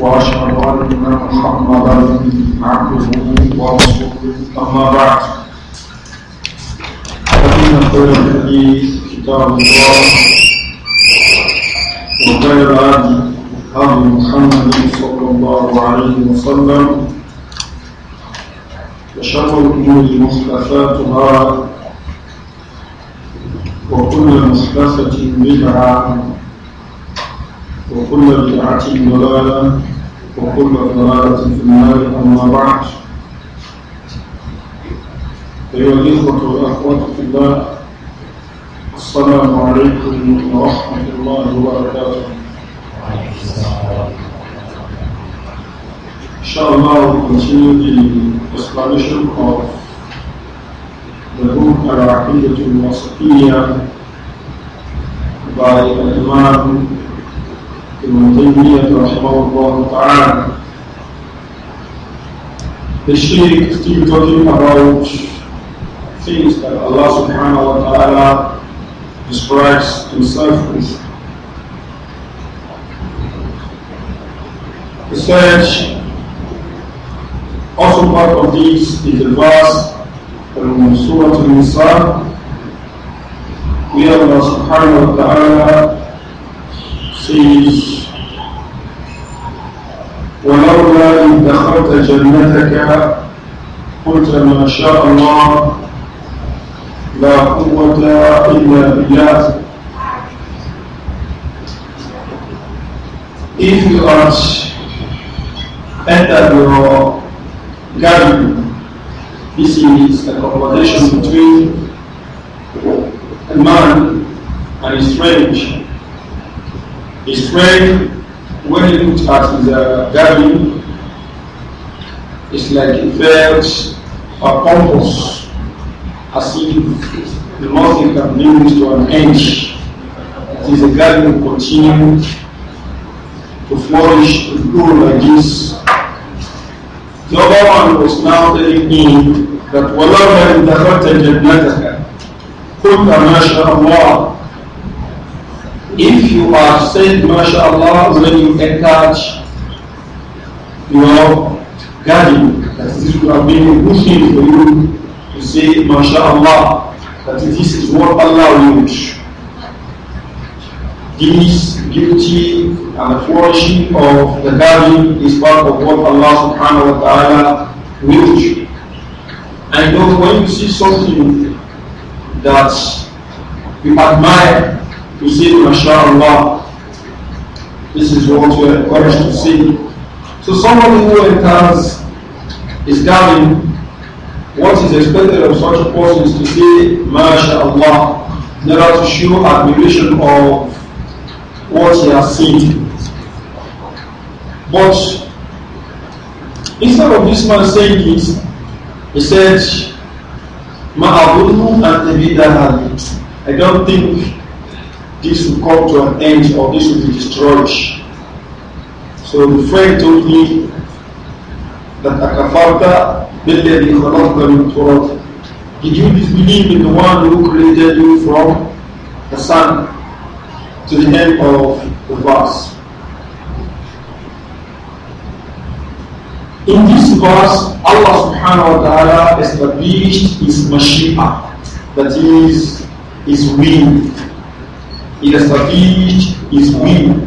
وأشهد أن محمدا عبده ورسوله أما بعد فإن خير الحديث كتاب الله وخير الهدي هدي محمد صلى الله عليه وسلم وشر الأمور محدثاتها وكل محدثة بدعة وكل بدعة ضلالة وكل ضلالة في النار أما بعد أيها الإخوة والأخوات في الله السلام عليكم ورحمة الله وبركاته Inshallah, we continue the explanation of the book Al-Aqidatul Wasatiyya by Imam ابن تيمية رحمه الله تعالى The Sheikh still talking about things that Allah subhanahu wa ta'ala describes himself with. He said, also part of this is the verse from Surah Al-Nisa, where Allah subhanahu wa ta'ala says, ولولا إن دخلت جنتك قلت ما شاء الله لا قوة إلا بالله If you had entered your garden, this is a conversation between a man and his friend His friend, when he looked at his uh, garden, it's like he felt a purpose, as if the nothing can bring to an end. It is a garden will continue to flourish, and grow like this. The other one was now telling me that وَلَوْ لَا the دَخَلْتَ Put a measure of water. If you are saying mashallah when you you your garden, that this would have been a good thing for you to say mashallah, that this is what Allah wants. This beauty and the flourishing of the garden is part of what Allah subhanahu wa ta'ala wants. And you know, when you see something that you admire, to see mashallah. This is what we are encouraged to see. So somebody who enters is gathering, what is expected of such a person is to see mashallah, in order to show admiration of what he has seen. But instead of this man saying this, he said, I don't think this will come to an end or this will be destroyed. So the friend told me that Akafarta not Khalaqta min Turab. Did you disbelieve in the one who created you from the sun to the end of the verse? In this verse, Allah subhanahu wa ta'ala established his mashia, that is, his will he established His will.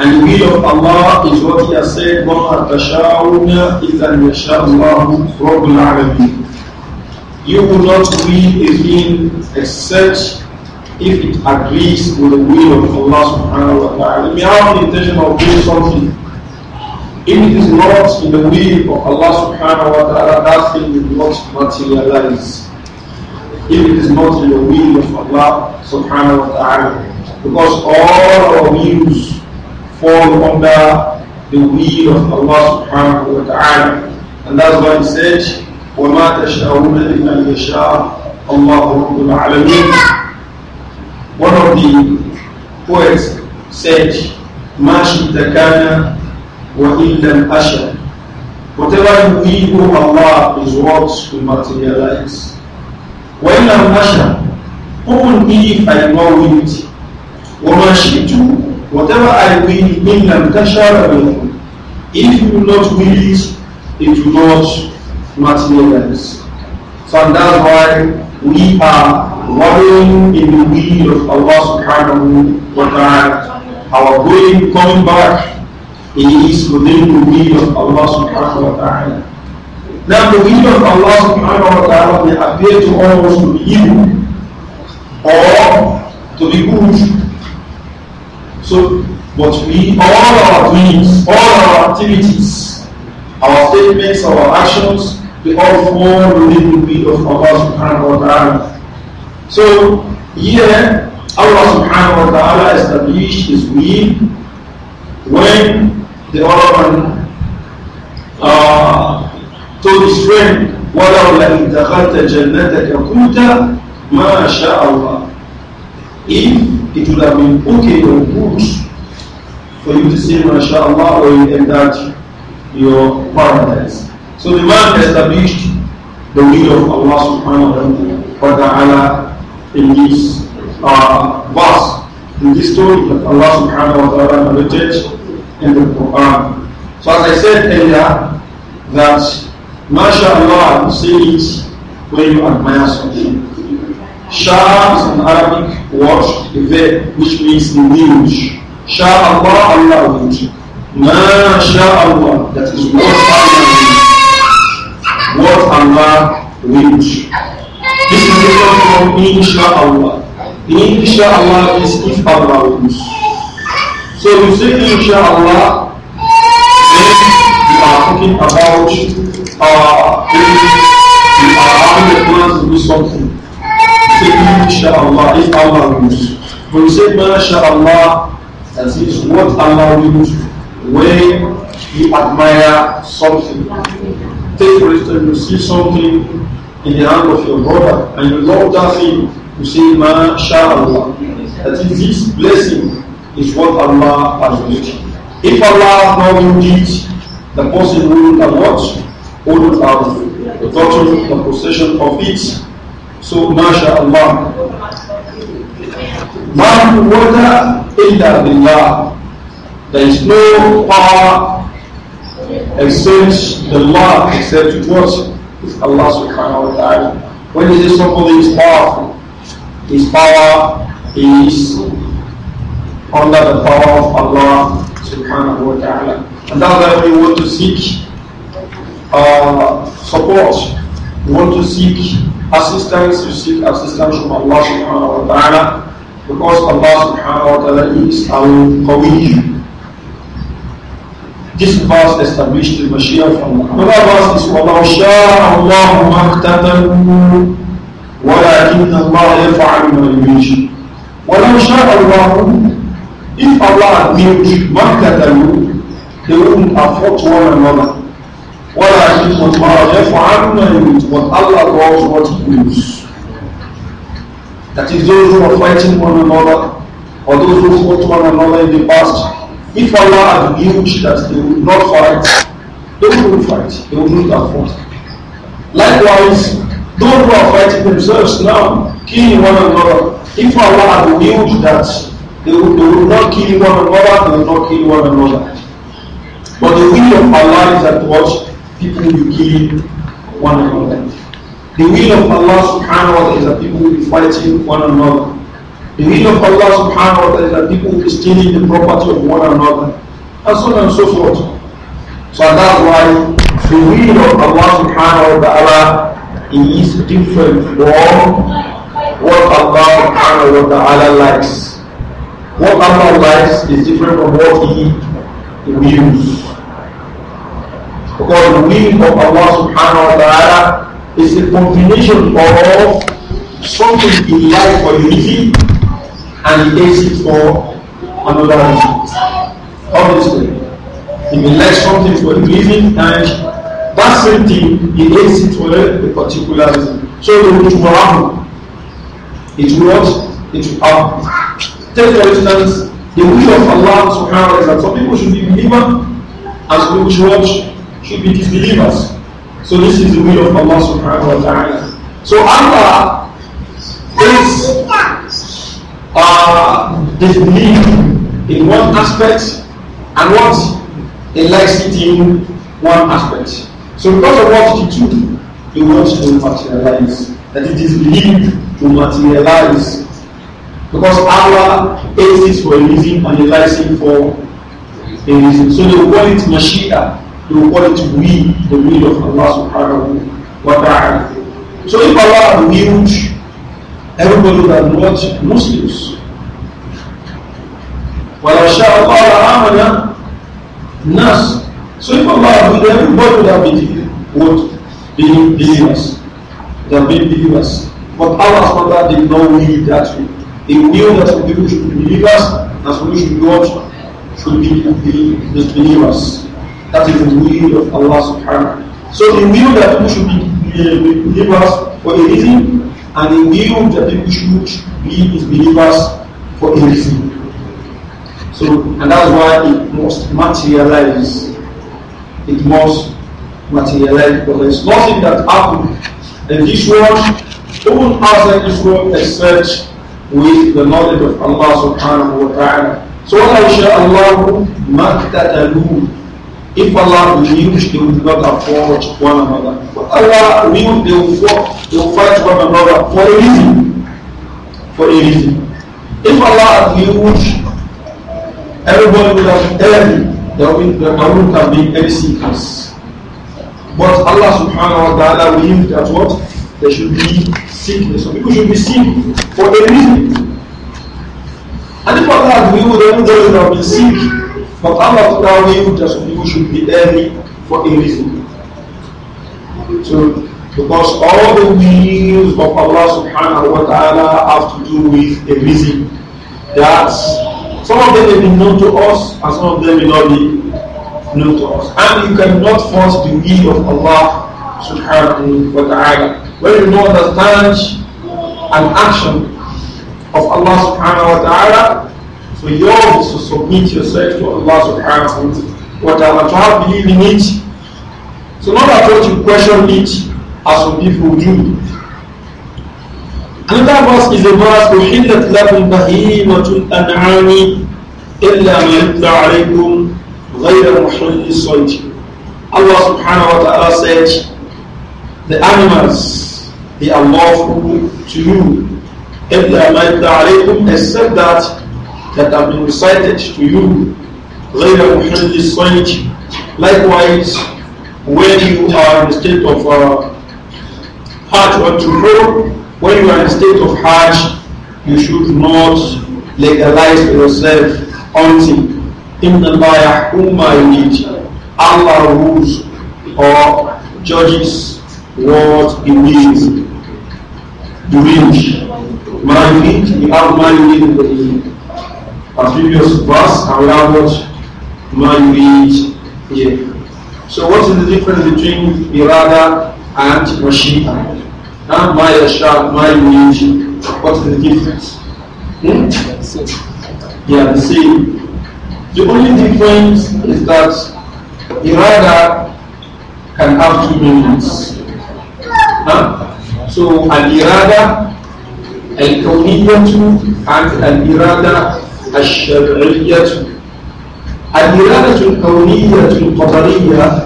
And the will of Allah is what He has said, وَمَا تَشَاءُونَ إِذَا يَشَاءُ اللَّهُ رَبُّ الْعَالَمِينَ You will not will a thing except if it agrees with the will of Allah subhanahu wa ta'ala. If you have the intention of doing something, if it is not in the will of Allah subhanahu wa ta'ala, that thing will not materialize if it is not in the will of Allah subhanahu wa ta'ala. Because all our views fall under the will of Allah subhanahu wa ta'ala. And that's why he said, وَمَا تَشَاءُونَ إِلَّا يَشَاءَ اللَّهُ رَبُّ الْعَالَمِينَ One of the poets said, مَا شِئْتَ كَانَ وَإِنْ لَمْ Whatever you will, Allah is what will materialize. وإلا نشأ open if I know it وما شئت whatever I will in and kashar if you do not will it it will not materialize so that's why we are worrying in the will of Allah subhanahu wa ta'ala our going coming back is within the will of Allah subhanahu wa ta'ala Now the vision of Allah subhanahu wa ta'ala may appear to all of us to be evil or to be good. So but we all our dreams, all our activities, our statements, our actions, they all form within the will of Allah subhanahu wa ta'ala. So here Allah subhanahu wa ta'ala established his will when the other one uh, told his friend, وَلَوْلَا إِنْ دَخَلْتَ جَنَّتَكَ كُنْتَ مَا شَاءَ اللَّهُ If it would have been okay or good for you to say MashaAllah or you entered your paradise. So the man established the will of Allah subhanahu wa ta'ala in this uh, verse, in this story that Allah subhanahu wa ta'ala narrated in the Quran. So as I said earlier, that Mashallah, say it when you admire something. Shah is an Arabic word, a verb, which means huge. Shah Allah, Allah will do. Mashallah, that is what Allah will What Allah will This is different from Inshallah. Inshallah is if Allah wills. So you say Inshallah, then you are talking about are you are having the plans to do something. say, inshallah, if Allah wills. When you say, mashallah, that is what Allah wills when you admire something. Take for instance, you see something in the hand of your brother and you love that thing, you say, mashallah. That is this blessing is what Allah has willed. If Allah has not willed it, the person will not have hold out um, the bottle of possession of it. So, masha'Allah. Ma quwwata illa billah. There is no power except the law, except what is Allah subhanahu wa ta'ala. When is this somebody is powerful? His power is under the power of Allah subhanahu wa ta'ala. And that's why we want to seek uh, support, you want to seek assistance, you seek assistance from Allah subhanahu wa ta'ala because Allah subhanahu wa ta'ala is al-Qawi. This verse established the Mashiach from Allah. Another verse is وَلَوْ شَاءَ اللَّهُ مَا اقْتَتَلُوا وَلَكِنَّ اللَّهَ يَفْعَلُ مَا يُرِيدُ وَلَوْ شَاءَ اللَّهُ If Allah had made مَا اقْتَتَلُوا They wouldn't have fought one another. What I did was Allah, therefore I do not what Allah loves what he wills. That is those who are fighting one another or those who fought one another in the past. If Allah had willed that they would not fight, they wouldn't fight. They would not have fought. Likewise, those who are fighting themselves now, killing one another, if Allah had willed that they would, not kill one another, they would not kill one another. But the will of Allah is that what people you kill one another. The will of Allah subhanahu wa ta'ala is that people will be fighting one another. The will of Allah subhanahu wa ta'ala is that people will be stealing the property of one another. And so on and so forth. So that's why the will of Allah subhanahu wa ta'ala is different from what Allah subhanahu wa ta'ala likes. What Allah likes is different from what he wills. Because the will of Allah subhanahu wa ta'ala is a combination of something he life for easy and he takes it for another reason. Obviously, he may like something for a reason and that same thing he takes it for a particular reason. So the will is It will what? It will happen. Take for instance, the will of Allah subhanahu wa ta'ala. is that Some people should be believer as we should watch should be disbelievers. So this is the will of Allah subhanahu wa ta'ala. So Allah is uh, disbelief in one aspect and what he likes it in one aspect. So because of what he do, he wants to materialize. That it is believed to materialize. Because Allah hates for a reason and he likes for a reason. So they call it Mashiach. You call it we, the will of Allah subhanahu wa ta'ala. So if Allah had willed everybody that not Muslims, وَلَوْ شَاءَ اللَّهُ لَآمَنَ النَّاسِ So if Allah willed everybody would have been would be believers, would have been believers. But Allah subhanahu did not will that way. He knew that people should be believers, and people should not should be disbelievers. That is the will of Allah subhanahu So he knew that people should be believers for a reason, and he knew that people should be his believers for a reason. So, and that's why it must materialize. It must materialize because there's nothing that happens in this world, even outside this world, except with the knowledge of Allah subhanahu wa ta'ala. So, وَلَوْ شَاءَ اللَّهُ مَا اقْتَتَلُوا If Allah wills, He will not afford tipo another. But Allah will, they will, fight, they will fight one por for a reason. For a E If Allah wills, everybody will have every, there will, there will not be any seekers. But Allah subhanahu wa ta'ala will that what? There should be sickness. So people should be sick for a reason. And if Allah will, then there will be sick. But Allah tells you that you should be early for a reason. So, because all the means of Allah subhanahu wa ta'ala have to do with a reason. That some of them may be known to us and some of them may not be known to us. And you cannot force the will of Allah subhanahu wa ta'ala. When you don't understand an action of Allah subhanahu wa ta'ala, So you is to submit yourself to Allah subhanahu wa ta'ala, to have belief in it. So not at all you question it as some people do. Another verse is a verse أحلت لكم بهيمة الأنعام إلا ما يتلى عليكم غير محل الصيد. Allah subhanahu wa ta'ala said, the animals, they are lawful to you. إلا ما يتلى عليكم except that that have been recited to you later غير this page. likewise when you are in a state of uh, hajj or to when you are in a state of heart, you should not legalize yourself until in the bayahuma Allah rules or judges what he wills. The mean? my feet, we have my will previous bus, and we have what here. So what is the difference between irada and mashita? Now my yasha, my read, what is the difference? Hmm? Yeah, the same. The only difference is that irada can have two meanings. Huh? So an irada al-kawniyatu, and an irada الشرعية الإرادة الكونية القدرية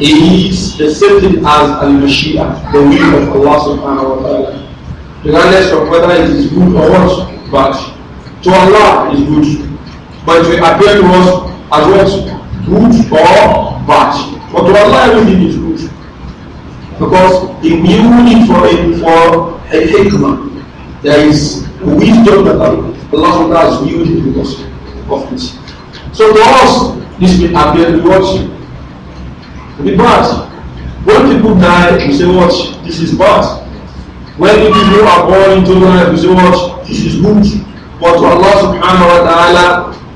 is accepted as al the will of Allah subhanahu wa Regardless of whether it is good or what, but to Allah is good. But it will appear to us as what? Good or bad. But to Allah everything is good. Because He knew it for a, for a hikmah. There is wisdom that Allah Allah has yielded because of it. So to us, this may appear to what? Be bad. When people die, we say what? This is bad. When people are born into life, we say what? This is good. But to Allah subhanahu wa ta'ala,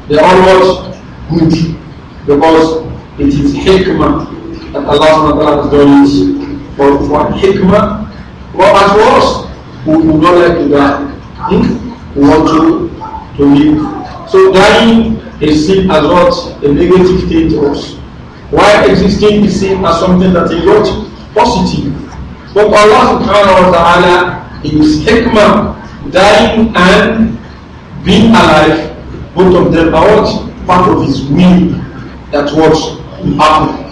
they are what? Good. Because it is hikmah that Allah subhanahu wa ta'ala has done it. For, what hikmah, well, as for us, we would not like to die. Hmm? We want to to live. So dying is seen as what? A negative thing to us. While existing is seen as something that is what? Positive. But Allah subhanahu wa ta'ala in his hikmah, dying and being alive, both of them are what? Part of his will that what will happen.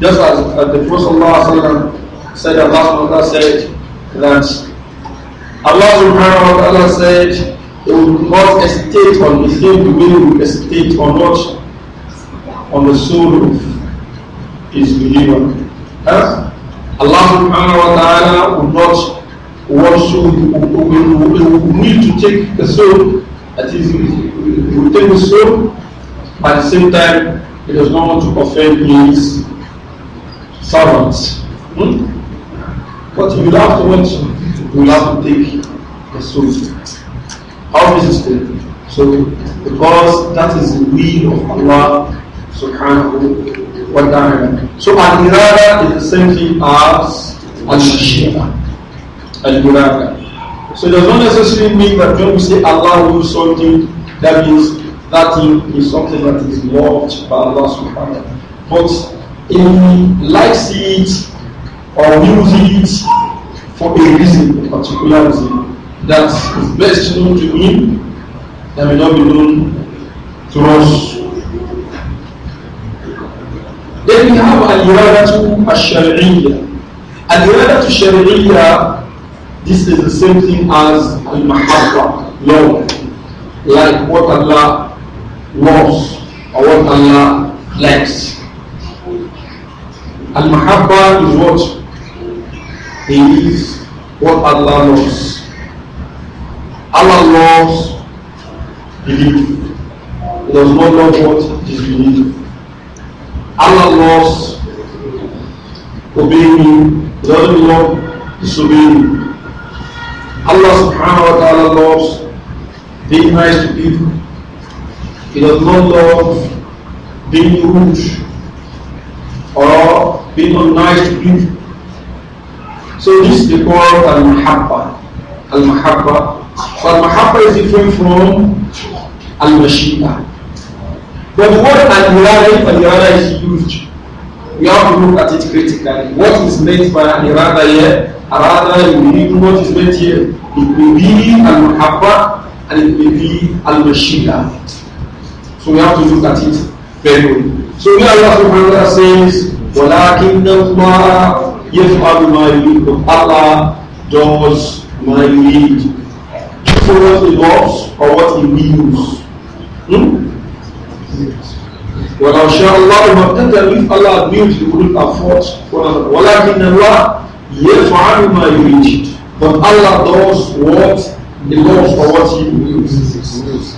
Just as, as the Prophet said, Allah said that Allah subhanahu wa ta'ala said, they will not hesitate on his name, the way will hesitate on what? On the soul of his believer. Huh? Allah subhanahu wa ta'ala will not want to, will, will need to take the soul, that is, will take the soul, but at the same time, he does not want to offend his servants. Hmm? But you have to watch We have to take the soul. How is it? So, because that is the will of Allah subhanahu wa ta'ala. So, an irada is the same thing as al shia, al murada. So, it does not necessarily mean that when we say Allah will do something, that means that thing is something that is loved by Allah subhanahu wa ta'ala. But, he likes it or uses it for a reason, a particular reason, that is best known to him that may not be known to us. Then we have al-iradatu al-shari'iyya. Al-iradatu al this is the same thing as al-mahabba, love, like what Allah loves or what Allah likes. Al-mahabba is what? is what Allah loves. Allah loves belief. He does not love what disbelief. Allah loves obeying Him. He doesn't love disobeying Him. Allah subhanahu wa ta'ala loves being nice to people. He does not love being rude or being unnice to people. So this is called al-mahabba. Al-mahabba. So al-mahabba is different from al-mashita. But the word al-irada, if al-irada is used, we have to look at it critically. What is meant by al-irada here? Arada, you believe what is meant here. It may be al-mahabba and it may be al-mashita. So we have to look at it very well. So here Allah subhanahu wa ta'ala says, وَلَكِنَّ my ما يريد Allah does ما يريد just so what he loves or what he wills hmm? ولو شاء الله ما ابتدى if Allah wills he wouldn't afford ولكن yes, يفعل my need, but Allah does what he loves or what he wills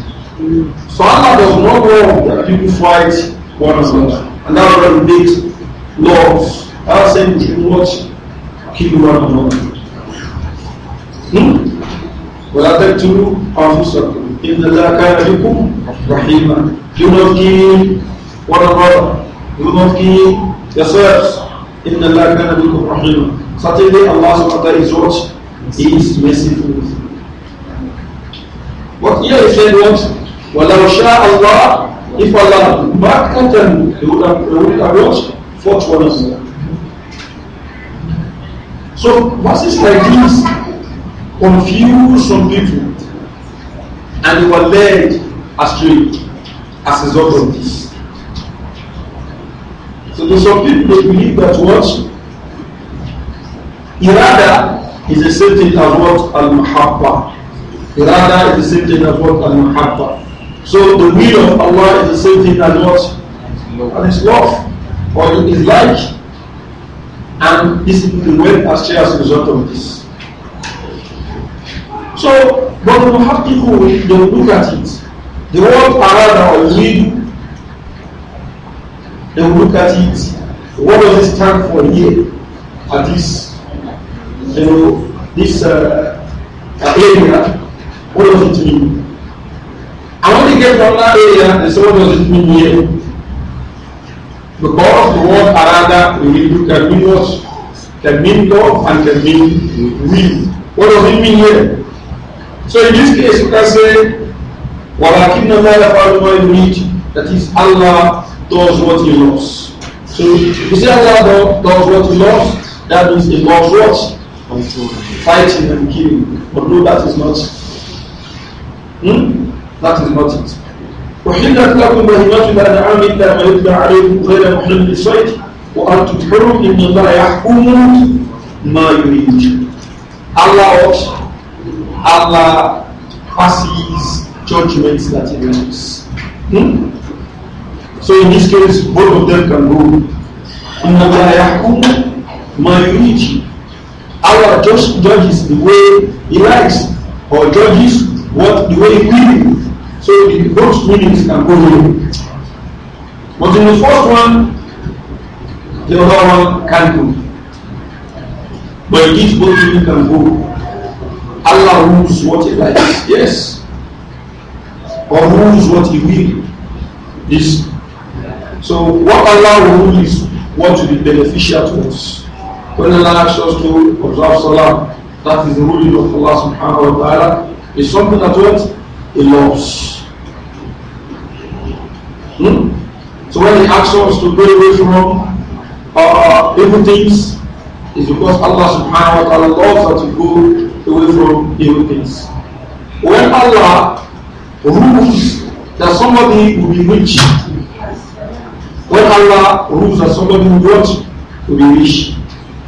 so Allah does not want that people fight one another and that makes love Allah said you should what? Kill one another. Hmm? ولا تقتلوا أنفسكم إن الله كان بكم رحيما. Do not kill one another. Do not kill yourselves. in the كان بكم رحيما. Certainly Allah subhanahu is what? He is merciful What you. But here he said what? وَلَوْ شَاءَ اللَّهُ If Allah, مَا قَتَلُوا They would have, they would have fought one another. So verses like this confuse some people and they were led astray as a result of this. So to some people they believe that what irada is the same thing as what al muhabba. Irada is the same thing as what al muhabba. So the will of Allah is the same thing as what and His love or His like. and he went astray as a result of this. So, but we have people they will look at it. The word arada or yidu, they will look at it. What does it stand for here? At this, you know, this uh, area, what does it mean? I want to get from that area and say, what does it mean here? Because the word arada in Hebrew can mean what? Can mean and can mean What does it mean here? So in this case, we can say, وَلَكِنَّ مَا يَفَعَلُ مَا يُرِيدُ That is, Allah does what He loves. So you say Allah does what He loves, that means He loves what? Fighting and killing. But no, that is not. Hmm? That is not it. وحلت لكم بهيمة الأنعام إلا ما يتبع عليكم غير محرم للصيد وأنتم حرم إن الله يحكم ما يريد Allah what? Allah passes judgments that he likes. Hmm? So in this case, both of them can go. إِنَّ اللَّهَ يَحْكُمُ مَا يُرِيدُ Allah just judges the way he likes or judges what the way he will. So if those meanings can go in. But in the first one, the other one can go. But if both meanings can go, Allah rules what he likes. Yes. Or rules what he will. This. So what Allah rules is what will be beneficial to us. When Allah asks us to observe Salah, that is the ruling of Allah subhanahu wa ta'ala. Is something that works a loss. Hmm? So when he asks us to go away from uh, evil things, it's because Allah subhanahu wa ta'ala loves us to go away from evil things. When Allah rules that somebody will be rich, when Allah rules that somebody will what? Will be rich.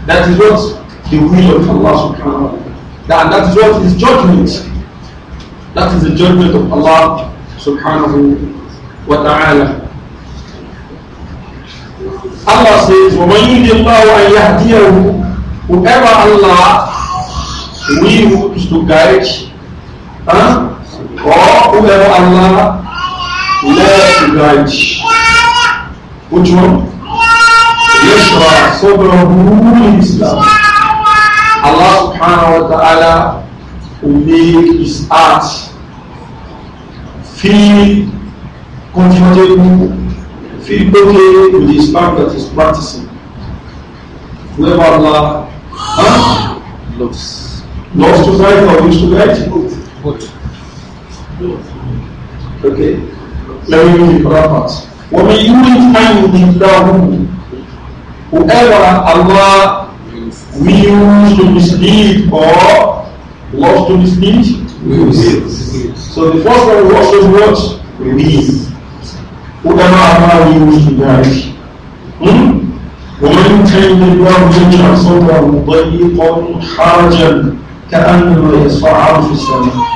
That is what the will of Allah subhanahu wa ta'ala. That, that is what his judgment That is the judgment of Allah subhanahu wa ta'ala. Allah says, وَمَنْ يُدِي اللَّهُ أَنْ يَهْدِيَهُ Whoever Allah wills to guide, huh? or whoever Allah loves to guide. Which one? يَشْرَى صَبْرَهُ Islam. Allah subhanahu wa ta'ala will make his heart feel comfortable, feel okay with his fact that he's practicing. Whoever Allah huh? loves. Loves to fight or used to fight? Both. Both. Okay. Let me read the part. ومن يريد أن يضله whoever Allah wills to mislead or lost to this need? So the first one lost also what? We will. Whoever Allah wills to Hmm? ومن كان صدره ضيقا حرجا كأنما يصعد في السماء.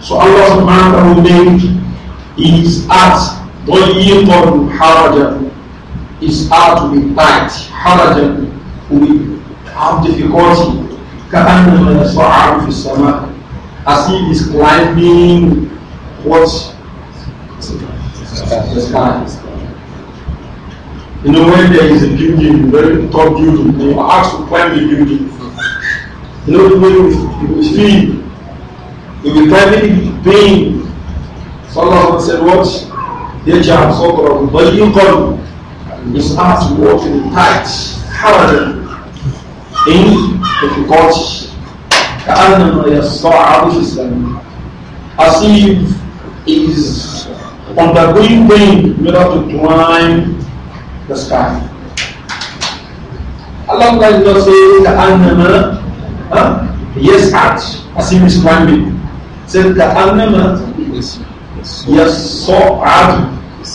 So Allah subhanahu wa ta'ala is at ضيقا حرجا. His heart will be tight. حرجا will have difficulty. كأنما يصعد في السماء as he is climbing what the sky. You know when there is a building, very top building, they are asked to climb the building. You know the way you will feel, you will climb pain. Allah said what? But يجعل صدره ضيقا his heart walking tight, harder in difficulty. As if is undergoing pain in order to climb the sky. Allah does say Ka'annama yes at as if is climbing. Said Ka'annama yes so ad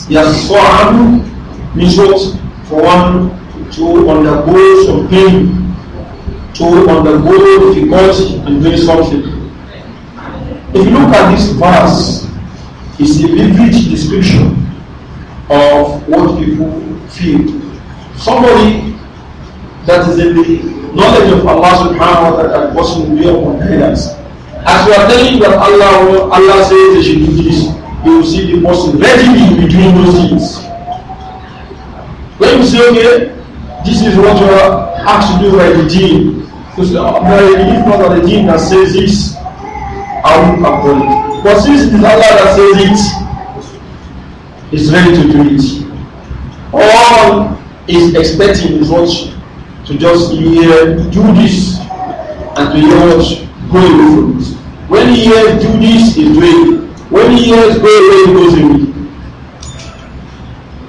yes so ad means what for one to undergo some pain to undergo difficulty and doing something. If you look at this verse, it's a vivid description of what people feel. Somebody that is in the knowledge of Allah subhanahu wa ta'ala person will be upon guidance. As we are telling that Allah Allah says they should do this, you will see the person readily be doing those things. When you say, okay, this is what you are asked to do by the deen, Because oh, there is not a religion that says this, I will uphold it. But since it is Allah that says it, is ready to do it. All is expecting the what to just hear do this and to hear what go away from it. When he hears do this, he's doing When he hears go away, he goes away.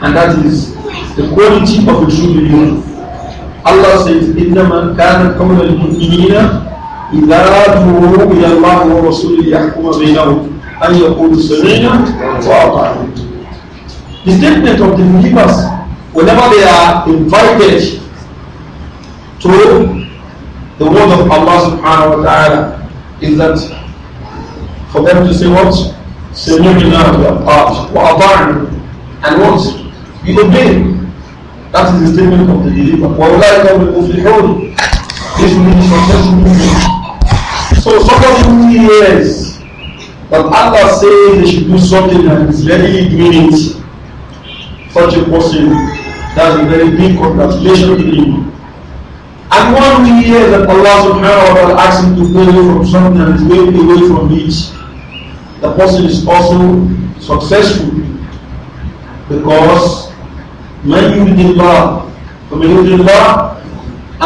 And that is the quality of a true believer. Allah says, إنما كان قول المؤمنين إذا دعوا إلى الله ورسوله يحكم بينهم أن يقولوا سمعنا وأطعنا. The statement of the believers, whenever they are invited to the word of Allah subhanahu wa ta'ala, is that for them to say what? سمعنا وأطعنا. And what? We obey. That is the statement of the believer. وَأُولَٰئِكَ هُمُ الْمُفْلِحُونَ This will this means successful So somebody who hears that Allah says they should do something that is very doing such a person, that's a very big congratulation to him. And one who hears that Allah subhanahu wa ta'ala asks him to pray from something and is going away from it, the person is also successful because من يرد الله فمن يرد الله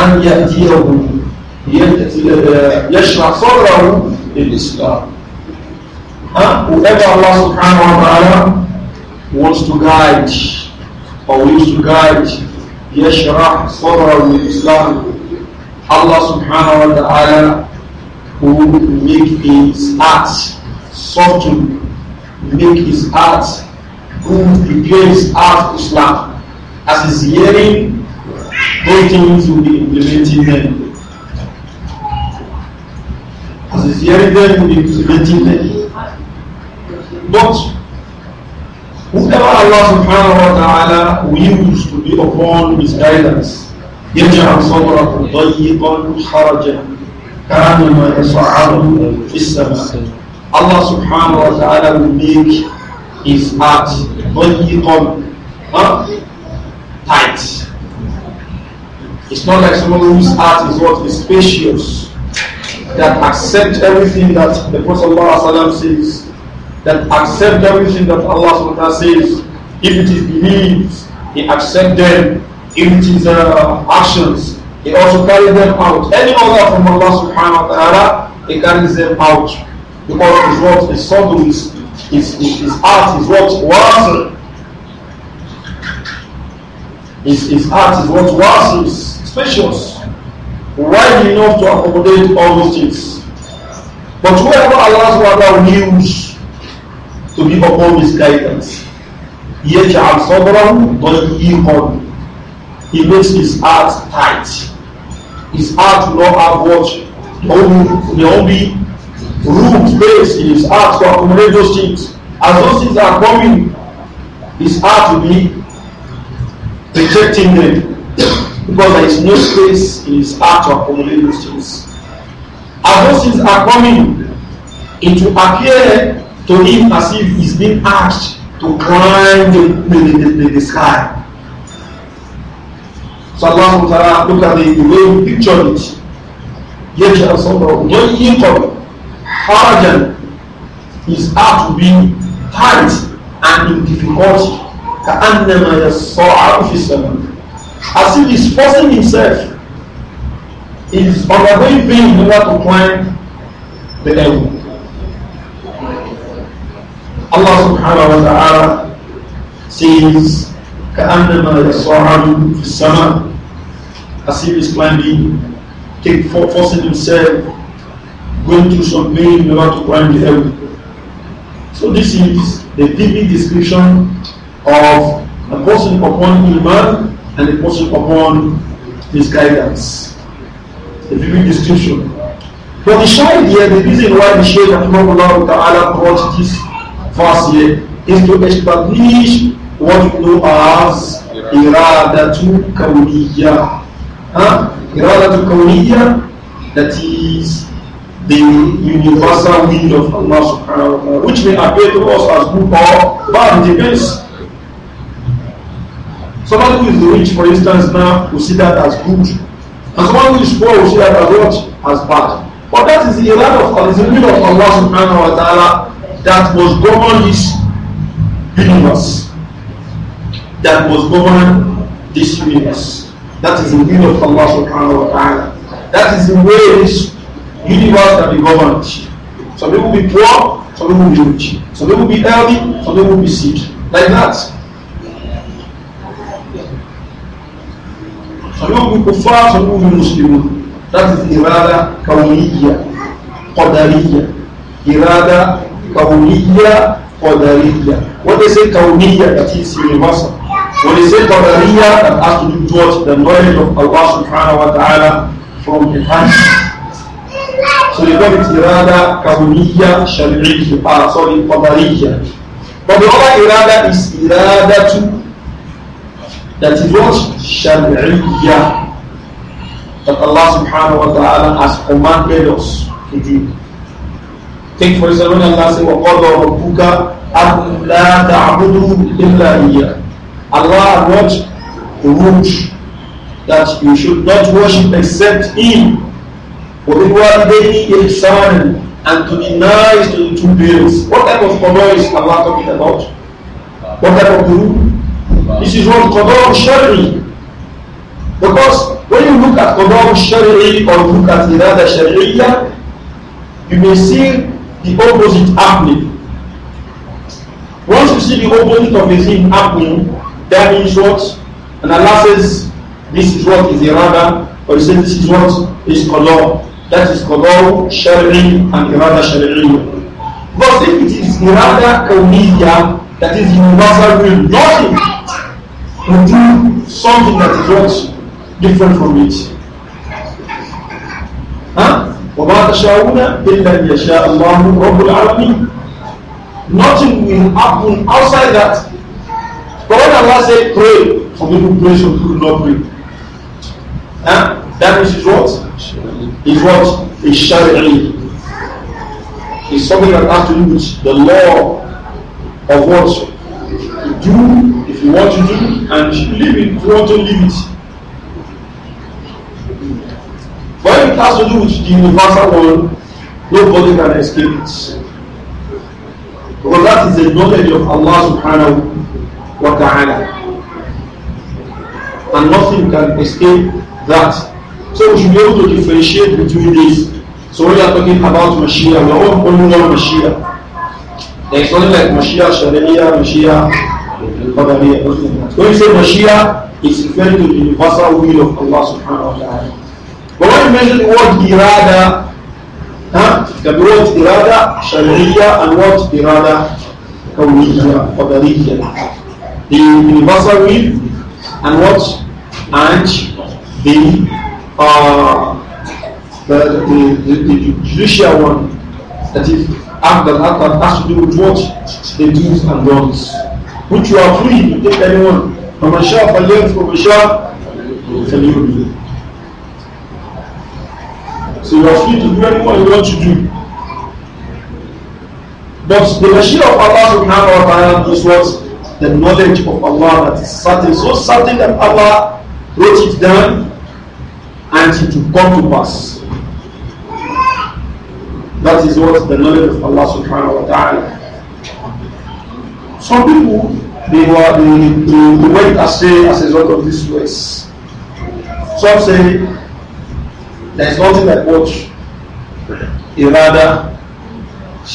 أن يأتيه يشرح صدره للإسلام huh? whoever Allah subhanahu wa ta'ala wants to guide or wills to guide يشرح صدره للإسلام Allah subhanahu wa ta'ala will make his heart soften make his heart who prepares heart Islam as is hearing those things will be implementing them as is hearing them will be implementing them but whoever Allah subhanahu wa ta'ala wills to be upon his guidance يجعل صدره ضيقا حرجا كانما يصعد في السماء Allah subhanahu wa ta'ala will make his heart ضيقا huh? tight. It's not like someone whose heart is what is spacious that accept everything that the Prophet ﷺ says, that accept everything that Allah SWT says. If it is beliefs, he accept them. If it is uh, actions, he also carries them out. Any other from Allah subhanahu wa ta'ala, he carries them out. Because his what is subtle, his, his, his, his is what was His, his heart is what was is spacious, wide enough to accommodate all those things. But whoever Allah subhanahu wills to be upon his guidance, he يجعل صبره ضيقا He hold? He makes his heart tight. His heart will not have what? There will be room, space in his heart to accommodate those things. As those things are coming, his heart will be rejecting them because there is no space in his heart to accommodate those things. And those things are coming, it will appear to him as if he's being asked to climb the, the, the, the, the sky. So Allah Ta'ala, look at the, the way he pictured it. يجعل صدره ضيقا حرجا his heart will be tight and in difficulty كأنما يصعد في السماء as if he's forcing himself is undergoing pain in order to climb the level Allah subhanahu wa ta'ala says كأنما يصعد في السماء as if he's climbing take, forcing himself going through some pain in order to climb the heaven so this is the vivid description of a person upon Iman and a person upon his guidance. A vivid distinction. But the shahid here, the reason why the Shaykh Rahmanullah Ta'ala brought this verse here is to establish what we know as iradatu kawliya. Huh? Iradatu kawliya, that is the universal will of Allah subhanahu wa ta'ala, which may appear to us as good or bad, depends Somebody who is rich, for instance, now will see that as good. And someone who is poor will see that as what? As bad. But that is the irad of Allah, the will of Allah subhanahu wa ta'ala that must govern this universe. That must govern this universe. That is the will of Allah subhanahu wa ta'ala. That is the way this universe can be governed. Some people will be poor, some people will be rich. Some people will be healthy, some people will be sick. Like that. some will be kuffar some will be muslimun that is irada kauniya qadariya irada kauniya qadariya what they say kauniya that is universal when they say qadariya has to do with the knowledge of Allah subhanahu wa ta'ala from the hands so the call irada kauniya shari'iyya ah sorry qadariya but the other irada is irada to That That is was Shari'iyah that Allah subhanahu wa ta'ala has commanded us to do. Take for example when Allah says, وَقَضَى رَبُّكَ أَنْ لَا تَعْبُدُوا إِلَّا إِيَّهُ Allah the ruled that you should not worship except Him. وَبِالْوَالِدَيْنِ إِحْسَانًا and to be nice to the two parents. What type of honor is Allah talking about? What type of rule? This is what Qadar Shari. Because when you look at Qadar Shari or look at Irada Shari'iyya, you may see the opposite happening. Once you see the opposite of the thing happening, that means what? And Allah says, this is what is Irada, or he says this is what is Qadar. That is Qadar Shari and Irada Shari'iyya. But if it is irada kauniya, that is universal will, nothing will do something that is what different from it. Huh? وَمَا تَشَاءُونَ إِلَّا يَشَاءَ اللَّهُ رَبُّ Nothing will happen outside that. But when Allah says pray, some people pray, some people do not pray. Huh? That means it's what? It's what? It's shari'i. It's something that has to do with the law of what? Do you want to do and leave it, you want to leave it. When it has to do with the universal world. nobody can escape it. Because that is the knowledge of Allah subhanahu wa ta'ala. And nothing can escape that. So we should be able to differentiate between these. So we are talking about Mashiach, we are all calling on Mashiach. There is nothing like Mashiach, Sharia, Mashiach, القدريه When you say Mashiach, it's referring to the universal will of Allah subhanahu wa ta'ala. But when you mention the word irada, huh? the word irada, shari'iyya, and what irada, kawiyya, qadariyya. The universal will, and what? And the, uh, the, the, the, the judicial one, that is, after that that has to do with what? they do and don'ts. which you are free to take anyone. From a shop, a left, from a shop, tell you. So you are free to do any anyone you want to do. But the machine of Allah subhanahu wa ta'ala knows what? The knowledge of Allah that is certain. So certain that Allah wrote it down and it will come to pass. That is what the knowledge of Allah subhanahu wa ta'ala Some people, they were they, they, they went astray as a result of this verse. Some say there is nothing like what irada,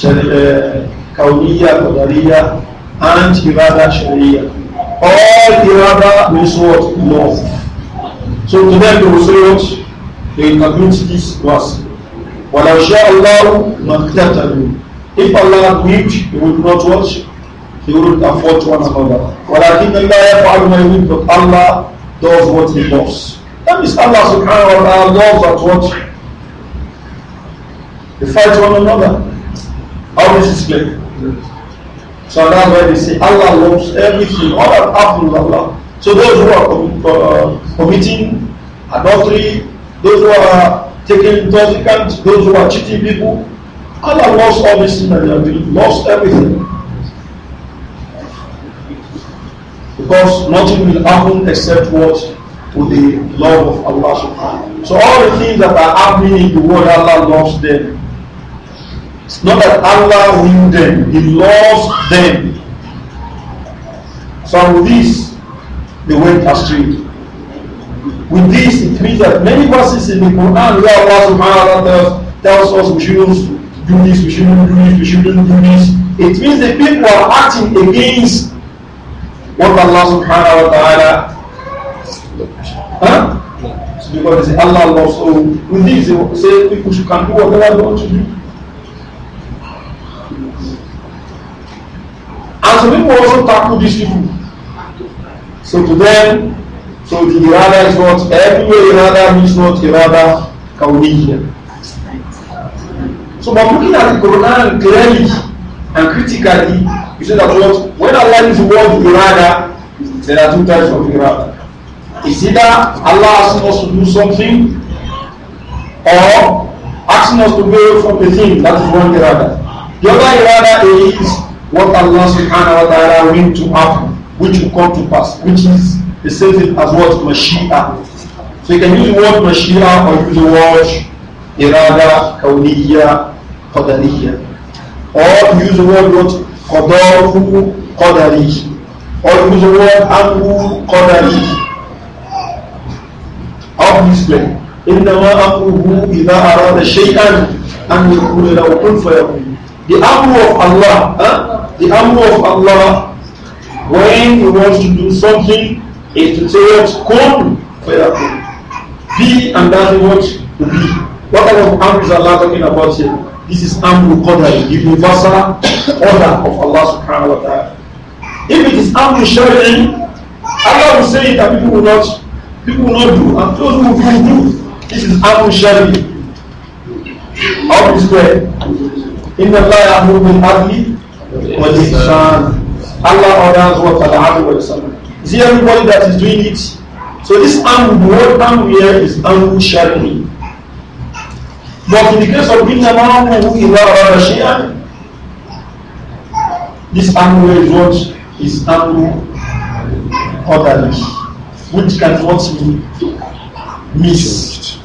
eh, kauniya, qadariya, and irada sharia. All irada means what love. So to them they will say what they interpret this verse. وَلَوْ شَاءَ اللَّهُ مَا اقْتَتَلُوا If Allah willed, they would not watch. They wouldn't afford one another. وَلَكِنَّ اللَّهَ يَفْعَلُ مَا يُرِيدُ But Allah does what He loves. That means Allah subhanahu wa ta'ala loves at what? They fight one another. How this is clear? So that's why they say Allah loves everything. All that happens Allah. So those who are com uh, committing adultery, those who are taking intoxicants, those who are cheating people, Allah loves all these things that they are doing, loves everything. Because nothing will happen except what? With the love of Allah subhanahu So all the things that are happening in the world, Allah loves them. It's not that Allah will them, He loves them. So with this, they went astray. With this, it means that many verses in the Quran where Allah subhanahu wa ta'ala tells us we shouldn't do this, we shouldn't do this, we shouldn't do this. It means the people are acting against What Allah subhanahu wa ta'ala? Huh? So because they say Allah loves so with this they say people should can do whatever they want to do. And some people also tackle these people. So to them, so the irada is not everywhere irada means not irada kauniya. So by looking at the Quran clearly and critically, He said that what? When Allah is the word irada, there are two types of irada. It's either Allah asking us to do something or asking us to go from the thing. That is one irada. The other irada is what Allah subhanahu wa ta'ala will to happen, which will come to pass, which is the same thing as what Mashiach. So you can use the word Mashiach or use the word irada, kawniyya, qadariyya. Or use the word what kọ̀dọ́rú kọ́dàrí ọdúnwọ́ ángú kọ́dàrí ọ́fíìsìlẹ̀ ìnáwó ángúhú ìlà ara the shaytan and the kúrẹ́lá òkun fẹ́ẹ̀kù the amú of Allah huh? the amú of Allah when you want to do something it to say for kún fẹ́ẹ̀kù be and that is what to be what kind of amú is Allah talking about here This is Amru Qadari, the universal order of Allah subhanahu wa ta'ala. If it is Amru Shari'i, Allah will say that people will not, people will not do, and those who will do, this is Amru Shari'i. How is that? In the Allah Amru bin Adli wa Ihsan. Allah orders what Allah wa Ihsan. Is it everybody that is doing it? So this Amru, the word Amru here is Amru Shari'i. But in the case of Binyaman, who is our Shia, this animal is what is animal orderly, which can cannot be missed.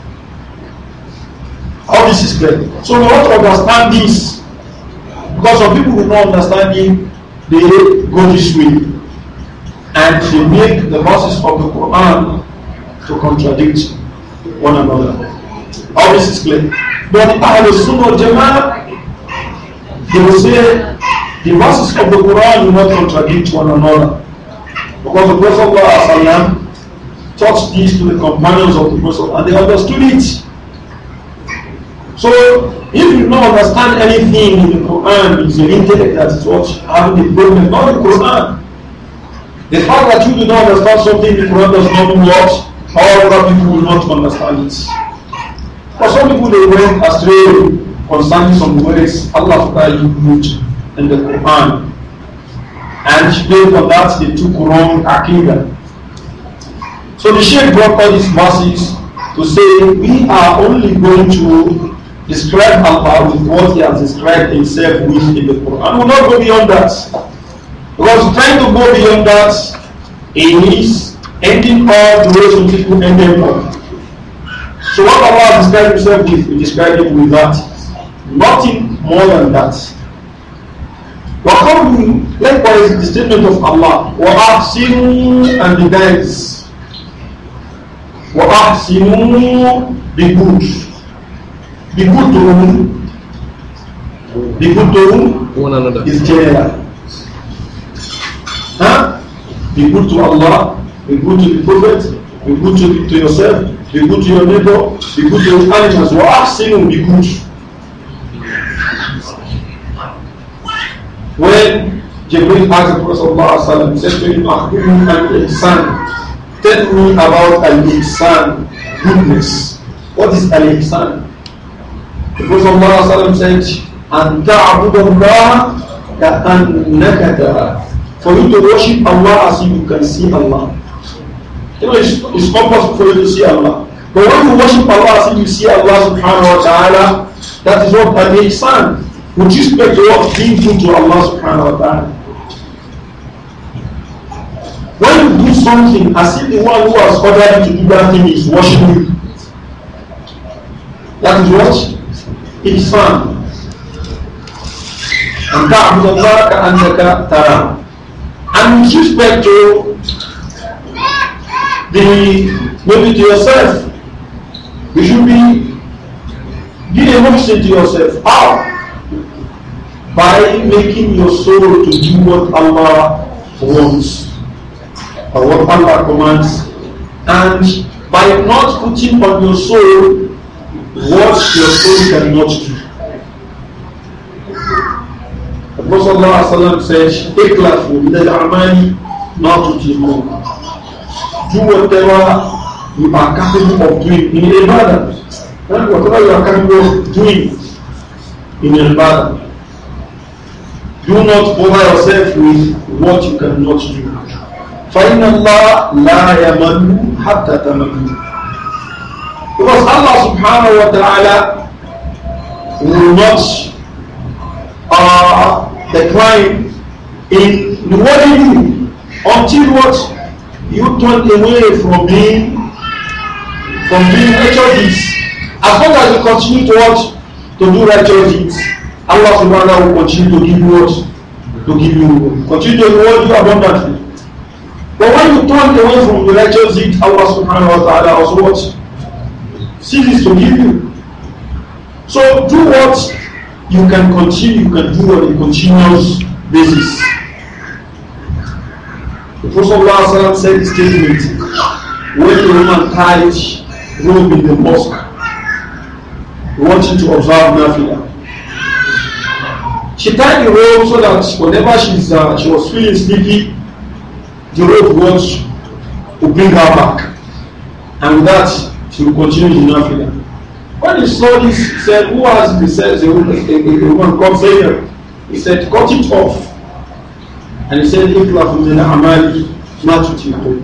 All this is great. So we want to understand this because some people who not it, they go this way and they make the verses of the Quran to contradict one another. All this is clear. But Ahlul Sunnah oh, Jamal, they will say the verses of the Quran do not contradict one another. Because the Prophet taught this to the companions of the Prophet and they understood it. So, if you don't understand anything in the Quran, it's your intellect that is what having the problem, not the Quran. The fact that you do not understand something in the Quran does not mean what all other people will not understand it. But some people they went astray concerning some words Allah used in the Quran. And based on that they took wrong kingdom. So the Sheikh brought all these verses to say we are only going to describe Allah with what He has described Himself with in the Quran. We'll not go beyond that. Because trying to go beyond that is ending all the ways people end Quran. So what Allah described himself with, we described it with that. Nothing more than that. وَقَوْلُ Likewise, the statement of Allah, وَأَحْسِنُوا and the guys. وَأَحْسِنُوا Be good. Be good to whom? Be good to whom? One another. Is general. Huh? Be good to Allah, be good to the Prophet, be good to, to yourself, Be good to your neighbor, be good to your animals. What sin will be good. When Jibril asked the Prophet, he said to him, Akhbiru al Ihsan. Tell me about al Ihsan, goodness. What is al Ihsan? The Prophet said, 'Anta And ta'abudallah an ta'ah. For you to worship Allah as you can see Allah. You know, it's, it's not possible for you to see Allah. But when you worship Allah as if you see Allah subhanahu wa ta'ala, that is what an ihsan. Would you expect a lot being due to Allah subhanahu wa ta'ala? When you do something as if the one who has ordered you to do that thing is watching you, that is what? fun, And that is Allah and Tara. And with respect to the maybe to yourself. You should be give a motion to yourself. How? By making your soul to do what Allah wants or what Allah commands, and by not putting on your soul what your soul cannot do. The Prophet "Iklafu do whatever you are capable of doing in Ibadah. Not whatever you are capable of doing in Ibadah. Do not bother yourself with what you cannot do. فإن Allah la yamanu hatta تمن Because Allah subhanahu wa ta'ala will not uh, decline in rewarding you until what you turn away from being from being righteous deeds as long as you continue to watch to do righteous deeds Allah subhanahu will continue to give you what to give you continue to reward you abundantly but when you turn away from the righteous deeds Allah subhanahu wa ta'ala also what ceases to give you so do what you can continue you can do on a continuous basis. The Prophet said this statement when the woman tied robe in the mosque, wanting to observe Nafila. She tied the robe so that whenever she's, uh, she was feeling sleepy, the robe was to bring her back. And with that, she will continue in Nafila. When he saw this, he said, Who has the sense? The woman comes here. He said, Cut it off. And he said, Iklahu min amali ma tutiqun.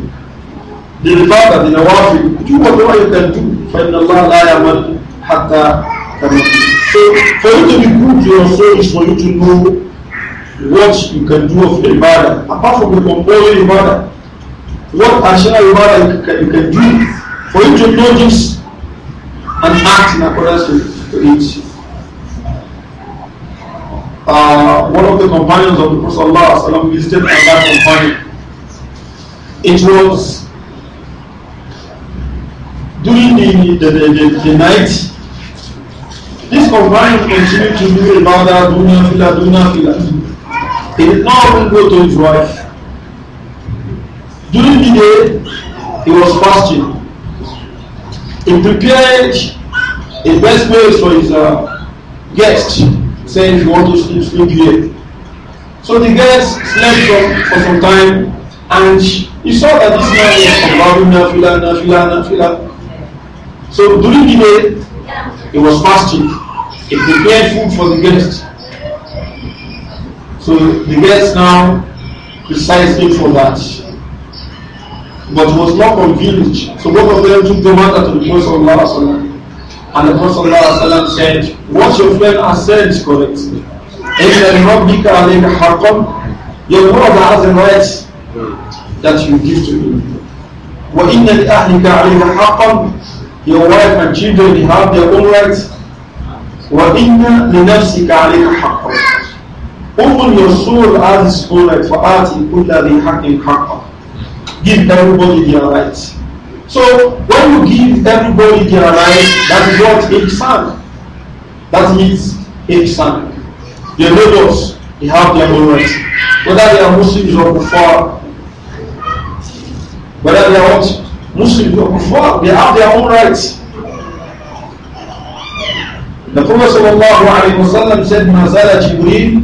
The ibadah, the nawafil, do whatever you can do. فَإِنَّ Allah لَا يَعْمَلْ حَتَّى So, for you to be good to your soul is for you to know what you can do of ibadah. Apart from the compulsory ibadah, what additional ibadah you can, you can do for you to know this and act in accordance with it uh, one of the companions of the Prophet visited that companion. It was during the, the, the, the, the night. This companion continued to do about that dunya fila, dunya fila. He did not even go to his wife. During the day, he was fasting. He prepared a best place for his uh, guest saying you want to sleep, sleep here. So the girl slept for, for some time and he saw that this man was allowing nafila, nafila, nafila. So during the day, he was fasting. He prepared food for the guests. So the guests now criticized him for that. But was not convinced. So both of them took the matter to the Prophet. And the Prophet said, What your friend has said is correct. Your brother has a right that you give to him. وَإِنَّ لِأَهْلِكَ the حَقًّا Your wife and children have their own rights. Open your soul as its own right for art in كُلَّ ذِي Hakim Give everybody their rights. So when you give everybody their right, that is what ihsan. That means ihsan. They know us. They have their own rights. Whether they are Muslims or kuffar, whether they are what Muslims or kuffar, they have their own rights. The Prophet sallallahu alaihi wasallam said, "Mazala Jibril,